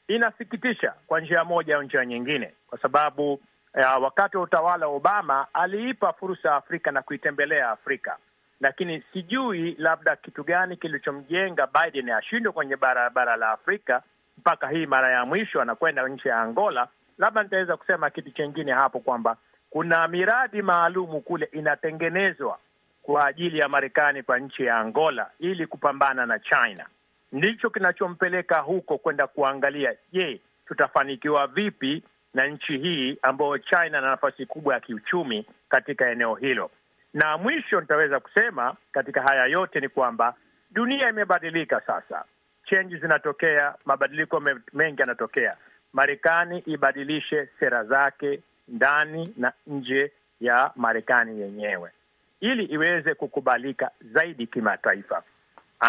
inasikitisha kwa njia moja au njia nyingine, kwa sababu ya eh, wakati wa utawala wa Obama aliipa fursa Afrika na kuitembelea Afrika, lakini sijui labda kitu gani kilichomjenga Biden ashindwe kwenye bara bara la Afrika mpaka hii mara ya mwisho anakwenda nchi ya Angola labda nitaweza kusema kitu chengine hapo kwamba kuna miradi maalumu kule inatengenezwa kwa ajili ya Marekani kwa nchi ya Angola ili kupambana na China. Ndicho kinachompeleka huko kwenda kuangalia, je, tutafanikiwa vipi na nchi hii ambayo China na nafasi kubwa ya kiuchumi katika eneo hilo. Na mwisho nitaweza kusema katika haya yote ni kwamba dunia imebadilika sasa, chenji zinatokea, mabadiliko mengi yanatokea. Marekani ibadilishe sera zake ndani na nje ya Marekani yenyewe ili iweze kukubalika zaidi kimataifa.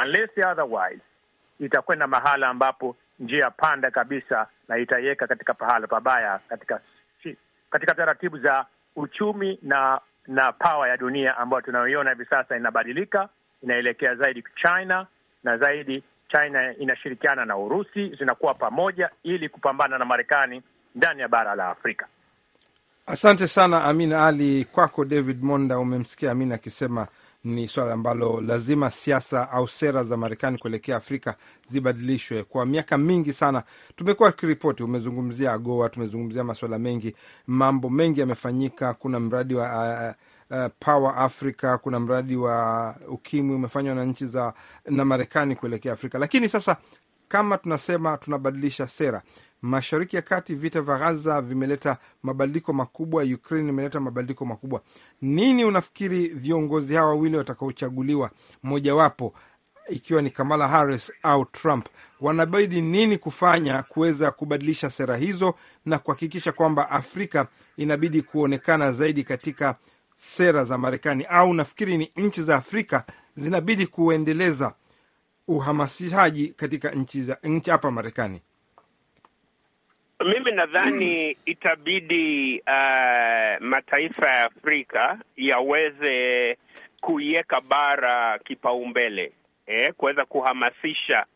Unless otherwise, itakwenda mahala ambapo njia panda kabisa, na itaiweka katika pahala pabaya katika katika taratibu za uchumi na na pawa ya dunia ambayo tunayoiona hivi sasa inabadilika, inaelekea zaidi China na zaidi China inashirikiana na Urusi, zinakuwa pamoja ili kupambana na Marekani ndani ya bara la Afrika. Asante sana Amina Ali. Kwako David Monda, umemsikia Amina akisema ni swala ambalo lazima siasa au sera za Marekani kuelekea Afrika zibadilishwe. Kwa miaka mingi sana tumekuwa kiripoti, umezungumzia AGOA, tumezungumzia masuala mengi, mambo mengi yamefanyika. Kuna mradi wa uh, uh, Power Africa. Kuna mradi wa ukimwi umefanywa na nchi za na Marekani kuelekea Afrika, lakini sasa kama tunasema tunabadilisha sera Mashariki ya Kati, vita vya Gaza vimeleta mabadiliko makubwa, Ukraine imeleta mabadiliko makubwa. Nini unafikiri viongozi hawa wawili watakaochaguliwa, mojawapo ikiwa ni Kamala Harris au Trump, wanabidi nini kufanya kuweza kubadilisha sera hizo na kuhakikisha kwamba Afrika inabidi kuonekana zaidi katika sera za Marekani au nafikiri ni nchi za Afrika zinabidi kuendeleza uhamasishaji katika nchi za nchi hapa Marekani? Mimi nadhani mm, itabidi uh, mataifa ya Afrika yaweze kuiweka bara kipaumbele, eh, kuweza kuhamasisha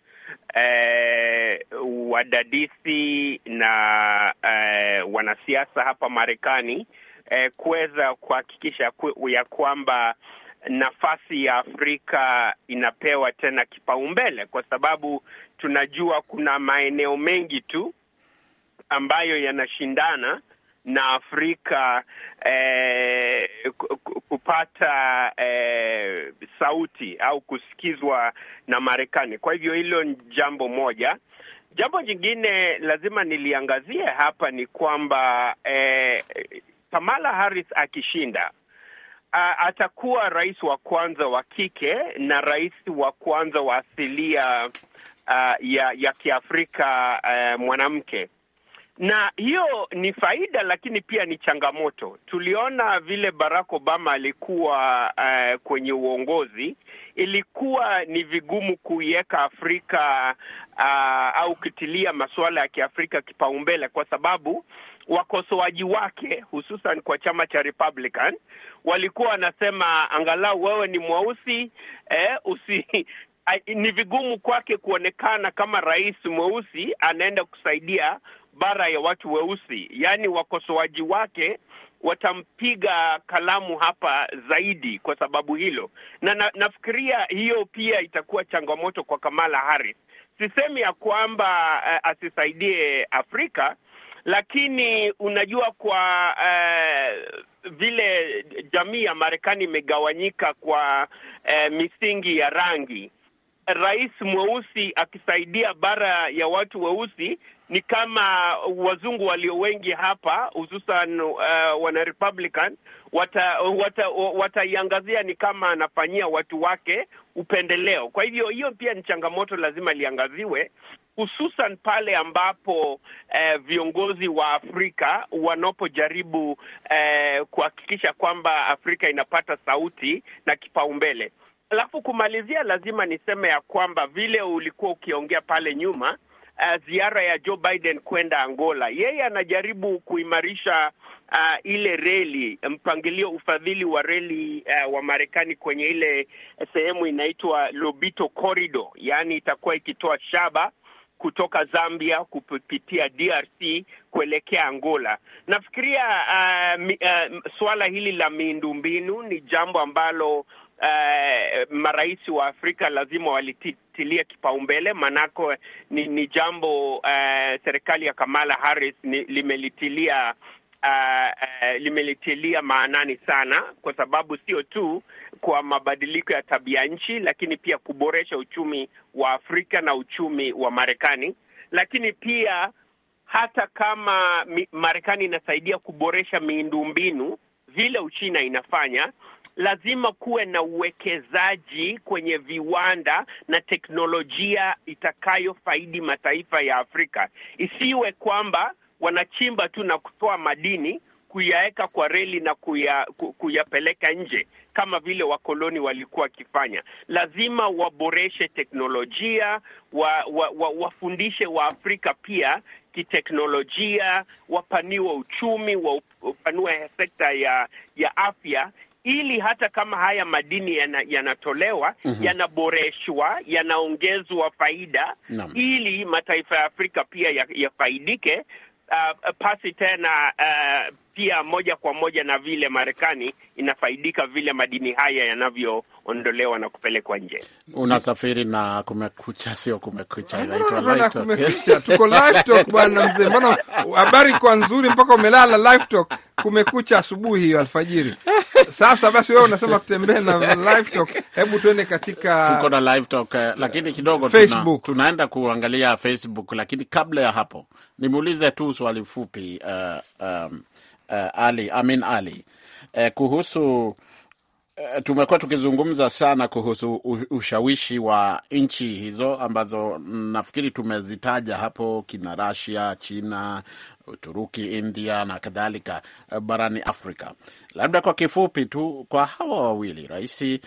eh, wadadisi na eh, wanasiasa hapa Marekani eh, kuweza kuhakikisha ya kwamba nafasi ya Afrika inapewa tena kipaumbele, kwa sababu tunajua kuna maeneo mengi tu ambayo yanashindana na Afrika eh, kupata eh, sauti au kusikizwa na Marekani. Kwa hivyo hilo ni jambo moja. Jambo jingine lazima niliangazie hapa ni kwamba eh, Kamala Harris akishinda uh, atakuwa rais wa kwanza wa kike na rais wa kwanza wa asilia uh, ya, ya Kiafrika uh, mwanamke, na hiyo ni faida, lakini pia ni changamoto. Tuliona vile Barack Obama alikuwa uh, kwenye uongozi, ilikuwa ni vigumu kuiweka Afrika uh, au kutilia masuala ya Kiafrika kipaumbele kwa sababu wakosoaji wake hususan kwa chama cha Republican walikuwa wanasema angalau wewe ni mweusi eh, usi ni vigumu kwake kuonekana kama rais mweusi anaenda kusaidia bara ya watu weusi. Yaani wakosoaji wake watampiga kalamu hapa zaidi kwa sababu hilo, na, na nafikiria hiyo pia itakuwa changamoto kwa Kamala Harris. Sisemi ya kwamba uh, asisaidie Afrika lakini unajua kwa uh, vile jamii ya Marekani imegawanyika kwa uh, misingi ya rangi, rais mweusi akisaidia bara ya watu weusi ni kama wazungu walio wengi hapa hususan uh, wana Republican wataiangazia wata, wata ni kama anafanyia watu wake upendeleo. Kwa hivyo hiyo pia ni changamoto, lazima liangaziwe hususan pale ambapo eh, viongozi wa Afrika wanapojaribu eh, kuhakikisha kwamba Afrika inapata sauti na kipaumbele. Alafu kumalizia, lazima niseme ya kwamba vile ulikuwa ukiongea pale nyuma Uh, ziara ya Joe Biden kwenda Angola, yeye anajaribu kuimarisha uh, ile reli, mpangilio ufadhili wa reli uh, wa Marekani kwenye ile sehemu inaitwa Lobito Corridor, yaani itakuwa ikitoa shaba kutoka Zambia kupitia DRC kuelekea Angola. Nafikiria uh, uh, suala hili la miundombinu ni jambo ambalo Uh, marais wa Afrika lazima walitilia kipaumbele, maanako ni, ni jambo uh, serikali ya Kamala Harris ni, limelitilia uh, uh, limelitilia maanani sana, kwa sababu sio tu kwa mabadiliko ya tabia nchi, lakini pia kuboresha uchumi wa Afrika na uchumi wa Marekani, lakini pia hata kama Marekani inasaidia kuboresha miundombinu vile Uchina inafanya, lazima kuwe na uwekezaji kwenye viwanda na teknolojia itakayofaidi mataifa ya Afrika. Isiwe kwamba wanachimba tu na kutoa madini kuyaweka kwa reli na kuya, kuyapeleka nje kama vile wakoloni walikuwa wakifanya. Lazima waboreshe teknolojia, wa, wa, wa, wafundishe Waafrika pia kiteknolojia, wapaniwe uchumi, wapanue sekta ya, ya afya ili hata kama haya madini yanatolewa mm -hmm. yanaboreshwa yanaongezwa faida Naam. ili mataifa ya Afrika pia yafaidike ya uh, pasi tena uh, pia moja kwa moja na vile Marekani inafaidika vile madini haya yanavyoondolewa na kupelekwa nje. Unasafiri na Kumekucha, sio Kumekucha, inaitwa tuko Live Talk bwana mzee, mbona habari kwa nzuri mpaka umelala? Live Talk Kumekucha asubuhi hiyo alfajiri. Sasa basi, wewe unasema tutembee na Live Talk, hebu tuende katika tuko na Live Talk eh, lakini eh, kidogo Facebook. Tuna, tunaenda kuangalia Facebook, lakini kabla ya hapo nimuulize tu swali fupi uh, um, Eh, Ali Amin Ali eh, kuhusu eh, tumekuwa tukizungumza sana kuhusu ushawishi wa nchi hizo ambazo nafikiri tumezitaja hapo kina Russia, China, Uturuki, India na kadhalika eh, barani Afrika. Labda kwa kifupi tu kwa hawa wawili rais eh,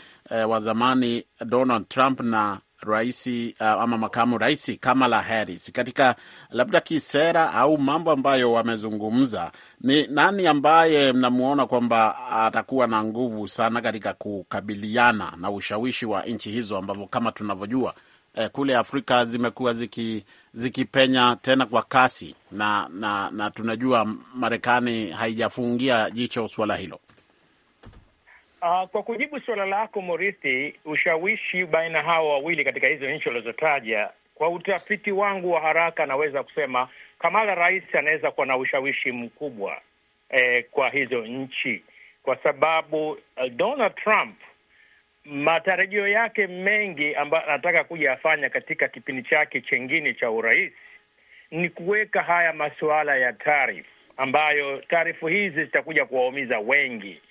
wa zamani Donald Trump na raisi uh, ama makamu raisi Kamala Harris katika labda kisera au mambo ambayo wamezungumza, ni nani ambaye mnamwona kwamba atakuwa na nguvu sana katika kukabiliana na ushawishi wa nchi hizo ambavyo kama tunavyojua eh, kule Afrika zimekuwa ziki, zikipenya tena kwa kasi na, na, na tunajua Marekani haijafungia jicho suala hilo. Uh, kwa kujibu suala lako Morithi, ushawishi baina hao wawili katika hizo nchi walizotaja, kwa utafiti wangu wa haraka naweza kusema Kamala Rais anaweza kuwa na ushawishi mkubwa eh, kwa hizo nchi kwa sababu uh, Donald Trump matarajio yake mengi ambayo anataka kuja afanya katika kipindi chake chengine cha urais ni kuweka haya masuala ya tarifu ambayo taarifu hizi zitakuja kuwaumiza wengi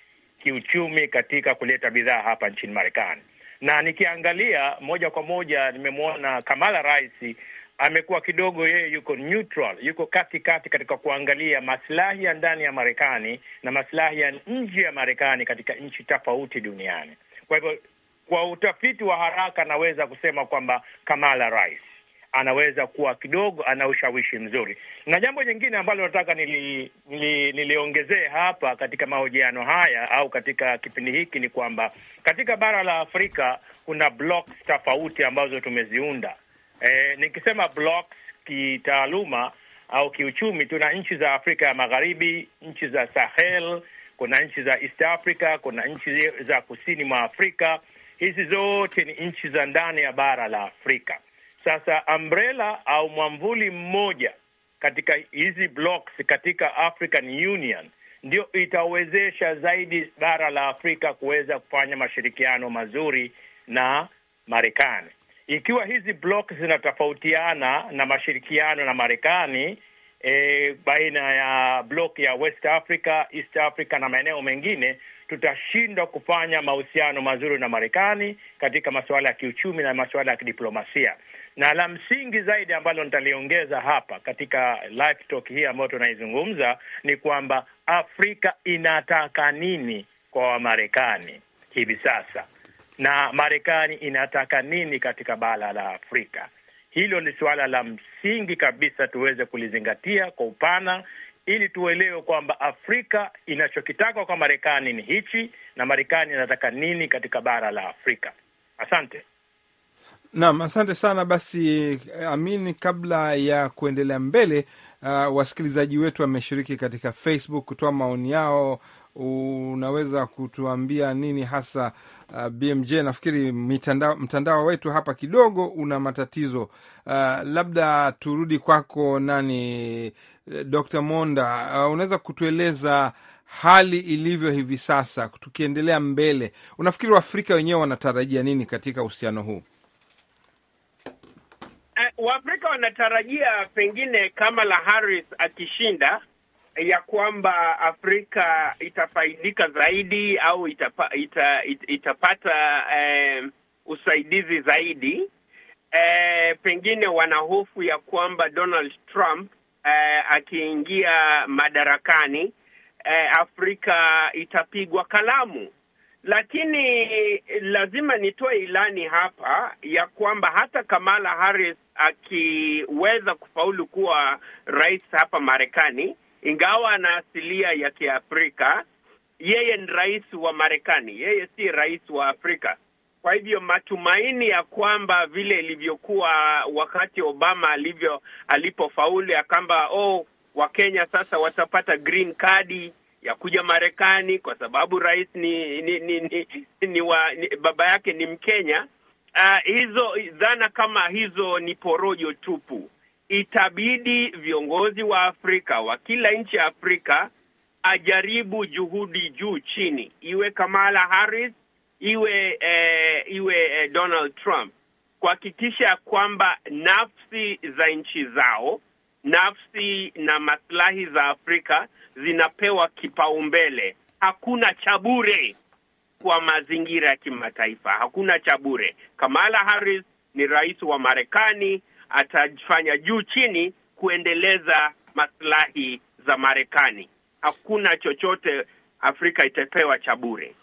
kiuchumi katika kuleta bidhaa hapa nchini Marekani. Na nikiangalia moja kwa moja, nimemwona Kamala Harris amekuwa kidogo, yeye yuko neutral, yuko kati kati katika kuangalia masilahi ya ndani ya Marekani na masilahi ya nje ya Marekani katika nchi tofauti duniani. Kwa hivyo, kwa utafiti wa haraka, naweza kusema kwamba Kamala Harris anaweza kuwa kidogo ana ushawishi mzuri. Na jambo jingine ambalo nataka nili, nili, niliongezee hapa katika mahojiano haya au katika kipindi hiki ni kwamba katika bara la Afrika kuna blocks tofauti ambazo tumeziunda. E, nikisema blocks kitaaluma au kiuchumi, tuna nchi za Afrika ya Magharibi, nchi za Sahel, kuna nchi za East Africa, kuna nchi za kusini mwa Afrika. Hizi zote ni nchi za ndani ya bara la Afrika. Sasa umbrella au mwamvuli mmoja katika hizi blocks katika African Union ndio itawezesha zaidi bara la Afrika kuweza kufanya mashirikiano mazuri na Marekani. Ikiwa hizi blocks zinatofautiana na mashirikiano na Marekani e, baina ya block ya West Africa, East Africa na maeneo mengine, tutashindwa kufanya mahusiano mazuri na Marekani katika masuala ya kiuchumi na masuala ya kidiplomasia. Na la msingi zaidi ambalo nitaliongeza hapa katika live talk hii ambayo tunaizungumza ni kwamba Afrika inataka nini kwa Wamarekani hivi sasa na Marekani inataka nini katika bara la Afrika. Hilo ni suala la msingi kabisa tuweze kulizingatia kwa upana ili tuelewe kwamba Afrika inachokitaka kwa Marekani ni hichi na Marekani inataka nini katika bara la Afrika. Asante. Naam, asante sana. Basi eh, Amini, kabla ya kuendelea mbele, uh, wasikilizaji wetu wameshiriki katika Facebook kutoa maoni yao. Unaweza kutuambia nini hasa uh, ah, BMJ? Nafikiri mitandao, mtandao wetu hapa kidogo una matatizo uh, labda turudi kwako nani, eh, Dr. Monda, uh, unaweza kutueleza hali ilivyo hivi sasa, tukiendelea mbele, unafikiri Waafrika wenyewe wanatarajia nini katika uhusiano huu? Waafrika wanatarajia pengine Kamala Harris akishinda ya kwamba Afrika itafaidika zaidi au itapa, ita, it, itapata eh, usaidizi zaidi eh, pengine hofu ya kwamba Donald Trump eh, akiingia madarakani eh, Afrika itapigwa kalamu. Lakini lazima nitoe ilani hapa ya kwamba hata Kamala Harris akiweza kufaulu kuwa rais hapa Marekani, ingawa ana asilia ya Kiafrika, yeye ni rais wa Marekani, yeye si rais wa Afrika. Kwa hivyo matumaini ya kwamba vile ilivyokuwa wakati Obama alivyo alipofaulu ya kwamba oh, Wakenya sasa watapata green kadi ya kuja Marekani kwa sababu rais ni ni ni, ni, ni, wa, ni baba yake ni Mkenya uh, hizo dhana kama hizo ni porojo tupu. Itabidi viongozi wa Afrika wa kila nchi ya Afrika ajaribu juhudi juu chini, iwe Kamala Harris iwe eh, iwe eh, Donald Trump kuhakikisha kwamba nafsi za nchi zao, nafsi na maslahi za Afrika zinapewa kipaumbele. Hakuna cha bure kwa mazingira ya kimataifa. Hakuna cha bure. Kamala Harris ni rais wa Marekani, atafanya juu chini kuendeleza maslahi za Marekani. Hakuna chochote Afrika itapewa cha bure.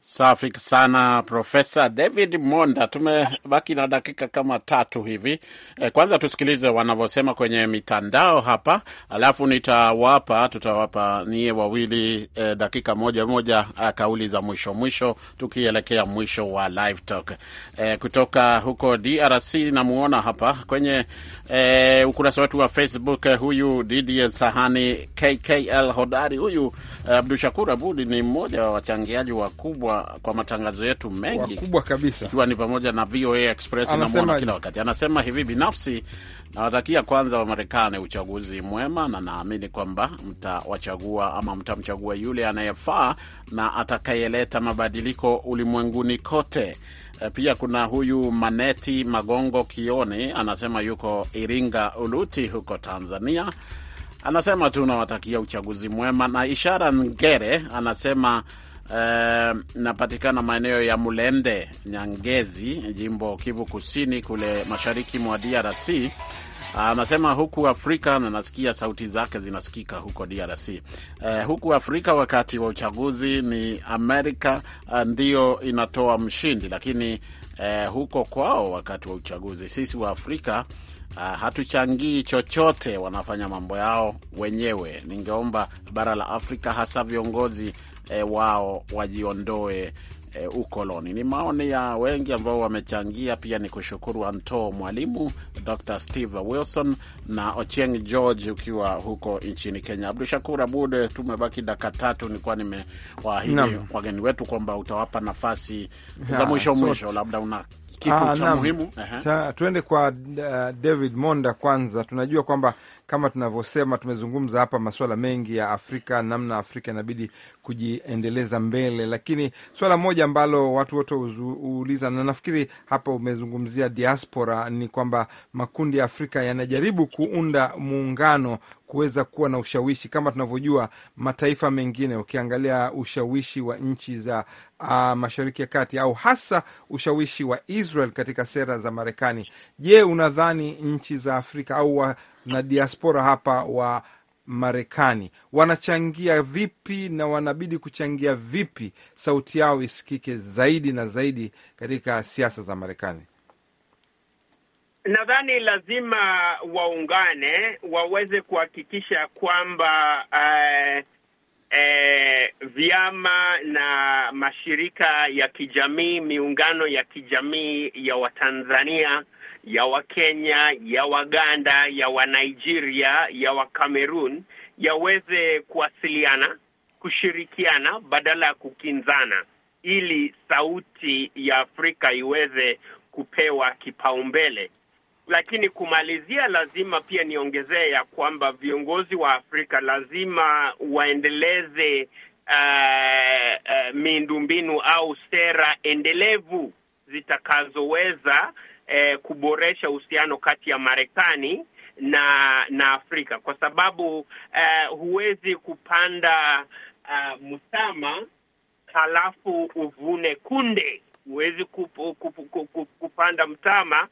Safi sana Profesa David Monda. Tumebaki na dakika kama tatu hivi. E, kwanza tusikilize wanavyosema kwenye mitandao hapa, alafu nitawapa tutawapa nie wawili e, dakika moja moja a, ah, kauli za mwisho mwisho, tukielekea mwisho wa live talk. E, kutoka huko DRC namuona hapa kwenye e, ukurasa wetu wa Facebook, huyu Didie Sahani KKL hodari huyu. E, Abdushakur Abudi ni mmoja wa wachangiaji wakubwa kubwa kwa matangazo yetu mengi kubwa kabisa, ikiwa ni pamoja na VOA Express na mwana kila wakati. Anasema hivi, binafsi nawatakia kwanza Wamarekani uchaguzi mwema, na naamini kwamba mtawachagua ama mtamchagua yule anayefaa na atakayeleta mabadiliko ulimwenguni kote. Eh, pia kuna huyu Maneti Magongo Kione anasema yuko Iringa Uluti huko Tanzania. Anasema tu tunawatakia uchaguzi mwema. Na Ishara Ngere anasema napatikana maeneo ya Mulende Nyangezi, jimbo Kivu Kusini kule mashariki mwa DRC. Anasema ah, uh, huku Afrika na nasikia sauti zake zinasikika huko DRC. Uh, eh, huku Afrika wakati wa uchaguzi ni Amerika uh, ndio inatoa mshindi, lakini uh, huko kwao wakati wa uchaguzi sisi wa Afrika uh, hatuchangii chochote, wanafanya mambo yao wenyewe. Ningeomba bara la Afrika hasa viongozi e, wao wajiondoe e, ukoloni. Ni maoni ya wengi ambao wamechangia. Pia ni kushukuru Anto Mwalimu, Dr Steve Wilson na Ochieng George ukiwa huko nchini Kenya. Abdu Shakur Abud, tumebaki daka tatu. nikuwa nimewaahidi wageni wetu kwamba utawapa nafasi za mwisho mwisho, labda una kitu ah, cha muhimu. Tuende kwa uh, David Monda kwanza. Tunajua kwamba kama tunavyosema, tumezungumza hapa masuala mengi ya Afrika, namna Afrika inabidi kujiendeleza mbele, lakini swala moja ambalo watu wote huuliza, na nafikiri hapa umezungumzia diaspora, ni kwamba makundi ya Afrika yanajaribu kuunda muungano kuweza kuwa na ushawishi kama tunavyojua mataifa mengine. Ukiangalia ushawishi wa nchi za uh, Mashariki ya Kati au hasa ushawishi wa Israel katika sera za Marekani, je, unadhani nchi za Afrika au wa, na diaspora hapa wa Marekani wanachangia vipi na wanabidi kuchangia vipi sauti yao isikike zaidi na zaidi katika siasa za Marekani? Nadhani lazima waungane waweze kuhakikisha kwamba eh, eh, vyama na mashirika ya kijamii, miungano ya kijamii ya Watanzania, ya Wakenya, ya Waganda, ya Wanigeria, ya Wakamerun yaweze kuwasiliana, kushirikiana badala ya kukinzana, ili sauti ya Afrika iweze kupewa kipaumbele. Lakini kumalizia, lazima pia niongezee ya kwamba viongozi wa Afrika lazima waendeleze uh, uh, miundombinu au sera endelevu zitakazoweza uh, kuboresha uhusiano kati ya Marekani na na Afrika kwa sababu uh, huwezi kupanda uh, mtama halafu uvune kunde huwezi kup, kup, kup, kup, kupanda mtama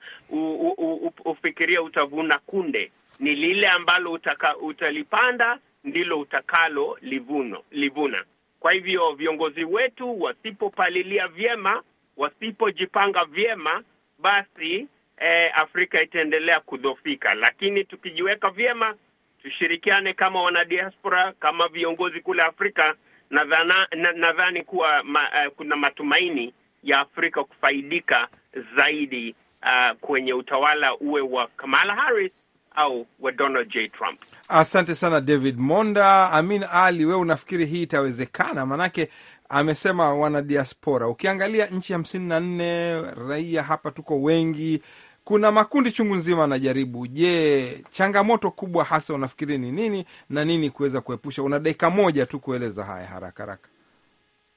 ufikiria utavuna kunde. Ni lile ambalo utaka, utalipanda ndilo utakalo livuno, livuna. Kwa hivyo viongozi wetu wasipopalilia vyema, wasipojipanga vyema, basi eh, Afrika itaendelea kudhofika, lakini tukijiweka vyema, tushirikiane kama wanadiaspora, kama viongozi kule Afrika, nadhani na, na kuwa ma, uh, kuna matumaini ya Afrika kufaidika zaidi uh, kwenye utawala uwe wa Kamala Harris au wa Donald J. Trump. Asante sana David Monda. Amin Ali, wewe unafikiri hii itawezekana? Maanake amesema wanadiaspora, ukiangalia nchi hamsini na nne raia hapa tuko wengi, kuna makundi chungu nzima anajaribu. Je, changamoto kubwa hasa unafikiri ni nini na nini kuweza kuepusha? Una dakika moja tu kueleza haya haraka haraka.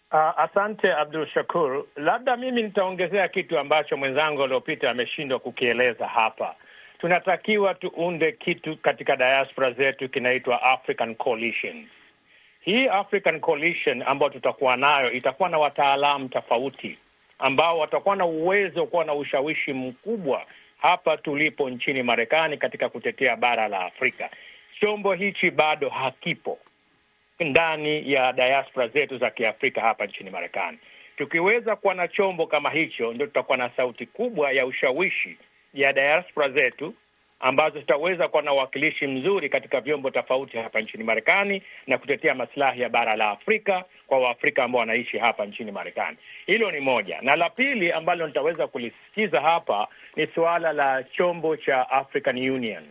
Uh, asante Abdul Shakur, labda mimi nitaongezea kitu ambacho mwenzangu aliopita ameshindwa kukieleza hapa. Tunatakiwa tuunde kitu katika diaspora zetu kinaitwa African Coalition. Hii African Coalition ambayo tutakuwa nayo itakuwa na wataalamu tofauti ambao watakuwa na uwezo kuwa na ushawishi mkubwa hapa tulipo nchini Marekani katika kutetea bara la Afrika. Chombo hichi bado hakipo ndani ya diaspora zetu za Kiafrika hapa nchini Marekani. Tukiweza kuwa na chombo kama hicho, ndio tutakuwa na sauti kubwa ya ushawishi ya diaspora zetu ambazo zitaweza kuwa na uwakilishi mzuri katika vyombo tofauti hapa nchini Marekani na kutetea masilahi ya bara la Afrika kwa Waafrika ambao wanaishi hapa nchini Marekani. Hilo ni moja, na la pili ambalo nitaweza kulisikiza hapa ni suala la chombo cha African Union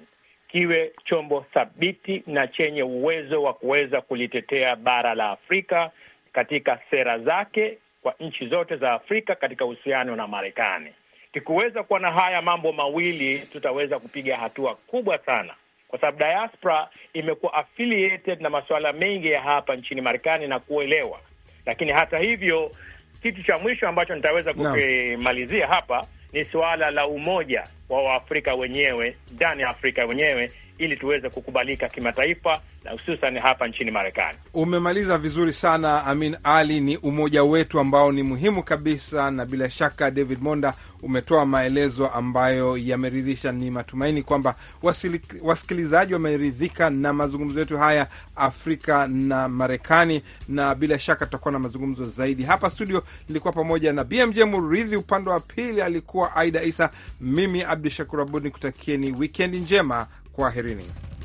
kiwe chombo thabiti na chenye uwezo wa kuweza kulitetea bara la Afrika katika sera zake kwa nchi zote za Afrika katika uhusiano na Marekani. Tukiweza kuwa na haya mambo mawili, tutaweza kupiga hatua kubwa sana, kwa sababu diaspora imekuwa affiliated na masuala mengi ya hapa nchini Marekani na kuelewa. Lakini hata hivyo, kitu cha mwisho ambacho nitaweza kukimalizia hapa ni suala la umoja wa Waafrika wenyewe ndani ya Afrika wenyewe ili tuweze kukubalika kimataifa na hususan hapa nchini Marekani. Umemaliza vizuri sana Amin Ali, ni umoja wetu ambao ni muhimu kabisa, na bila shaka David Monda umetoa maelezo ambayo yameridhisha. Ni matumaini kwamba wasikilizaji wameridhika na mazungumzo yetu haya Afrika na Marekani, na bila shaka tutakuwa na mazungumzo zaidi hapa studio. Nilikuwa pamoja na BMJ Muridhi, upande wa pili alikuwa Aida Isa, mimi Abdu Shakur Abud ni kutakieni wikendi njema, kwaherini.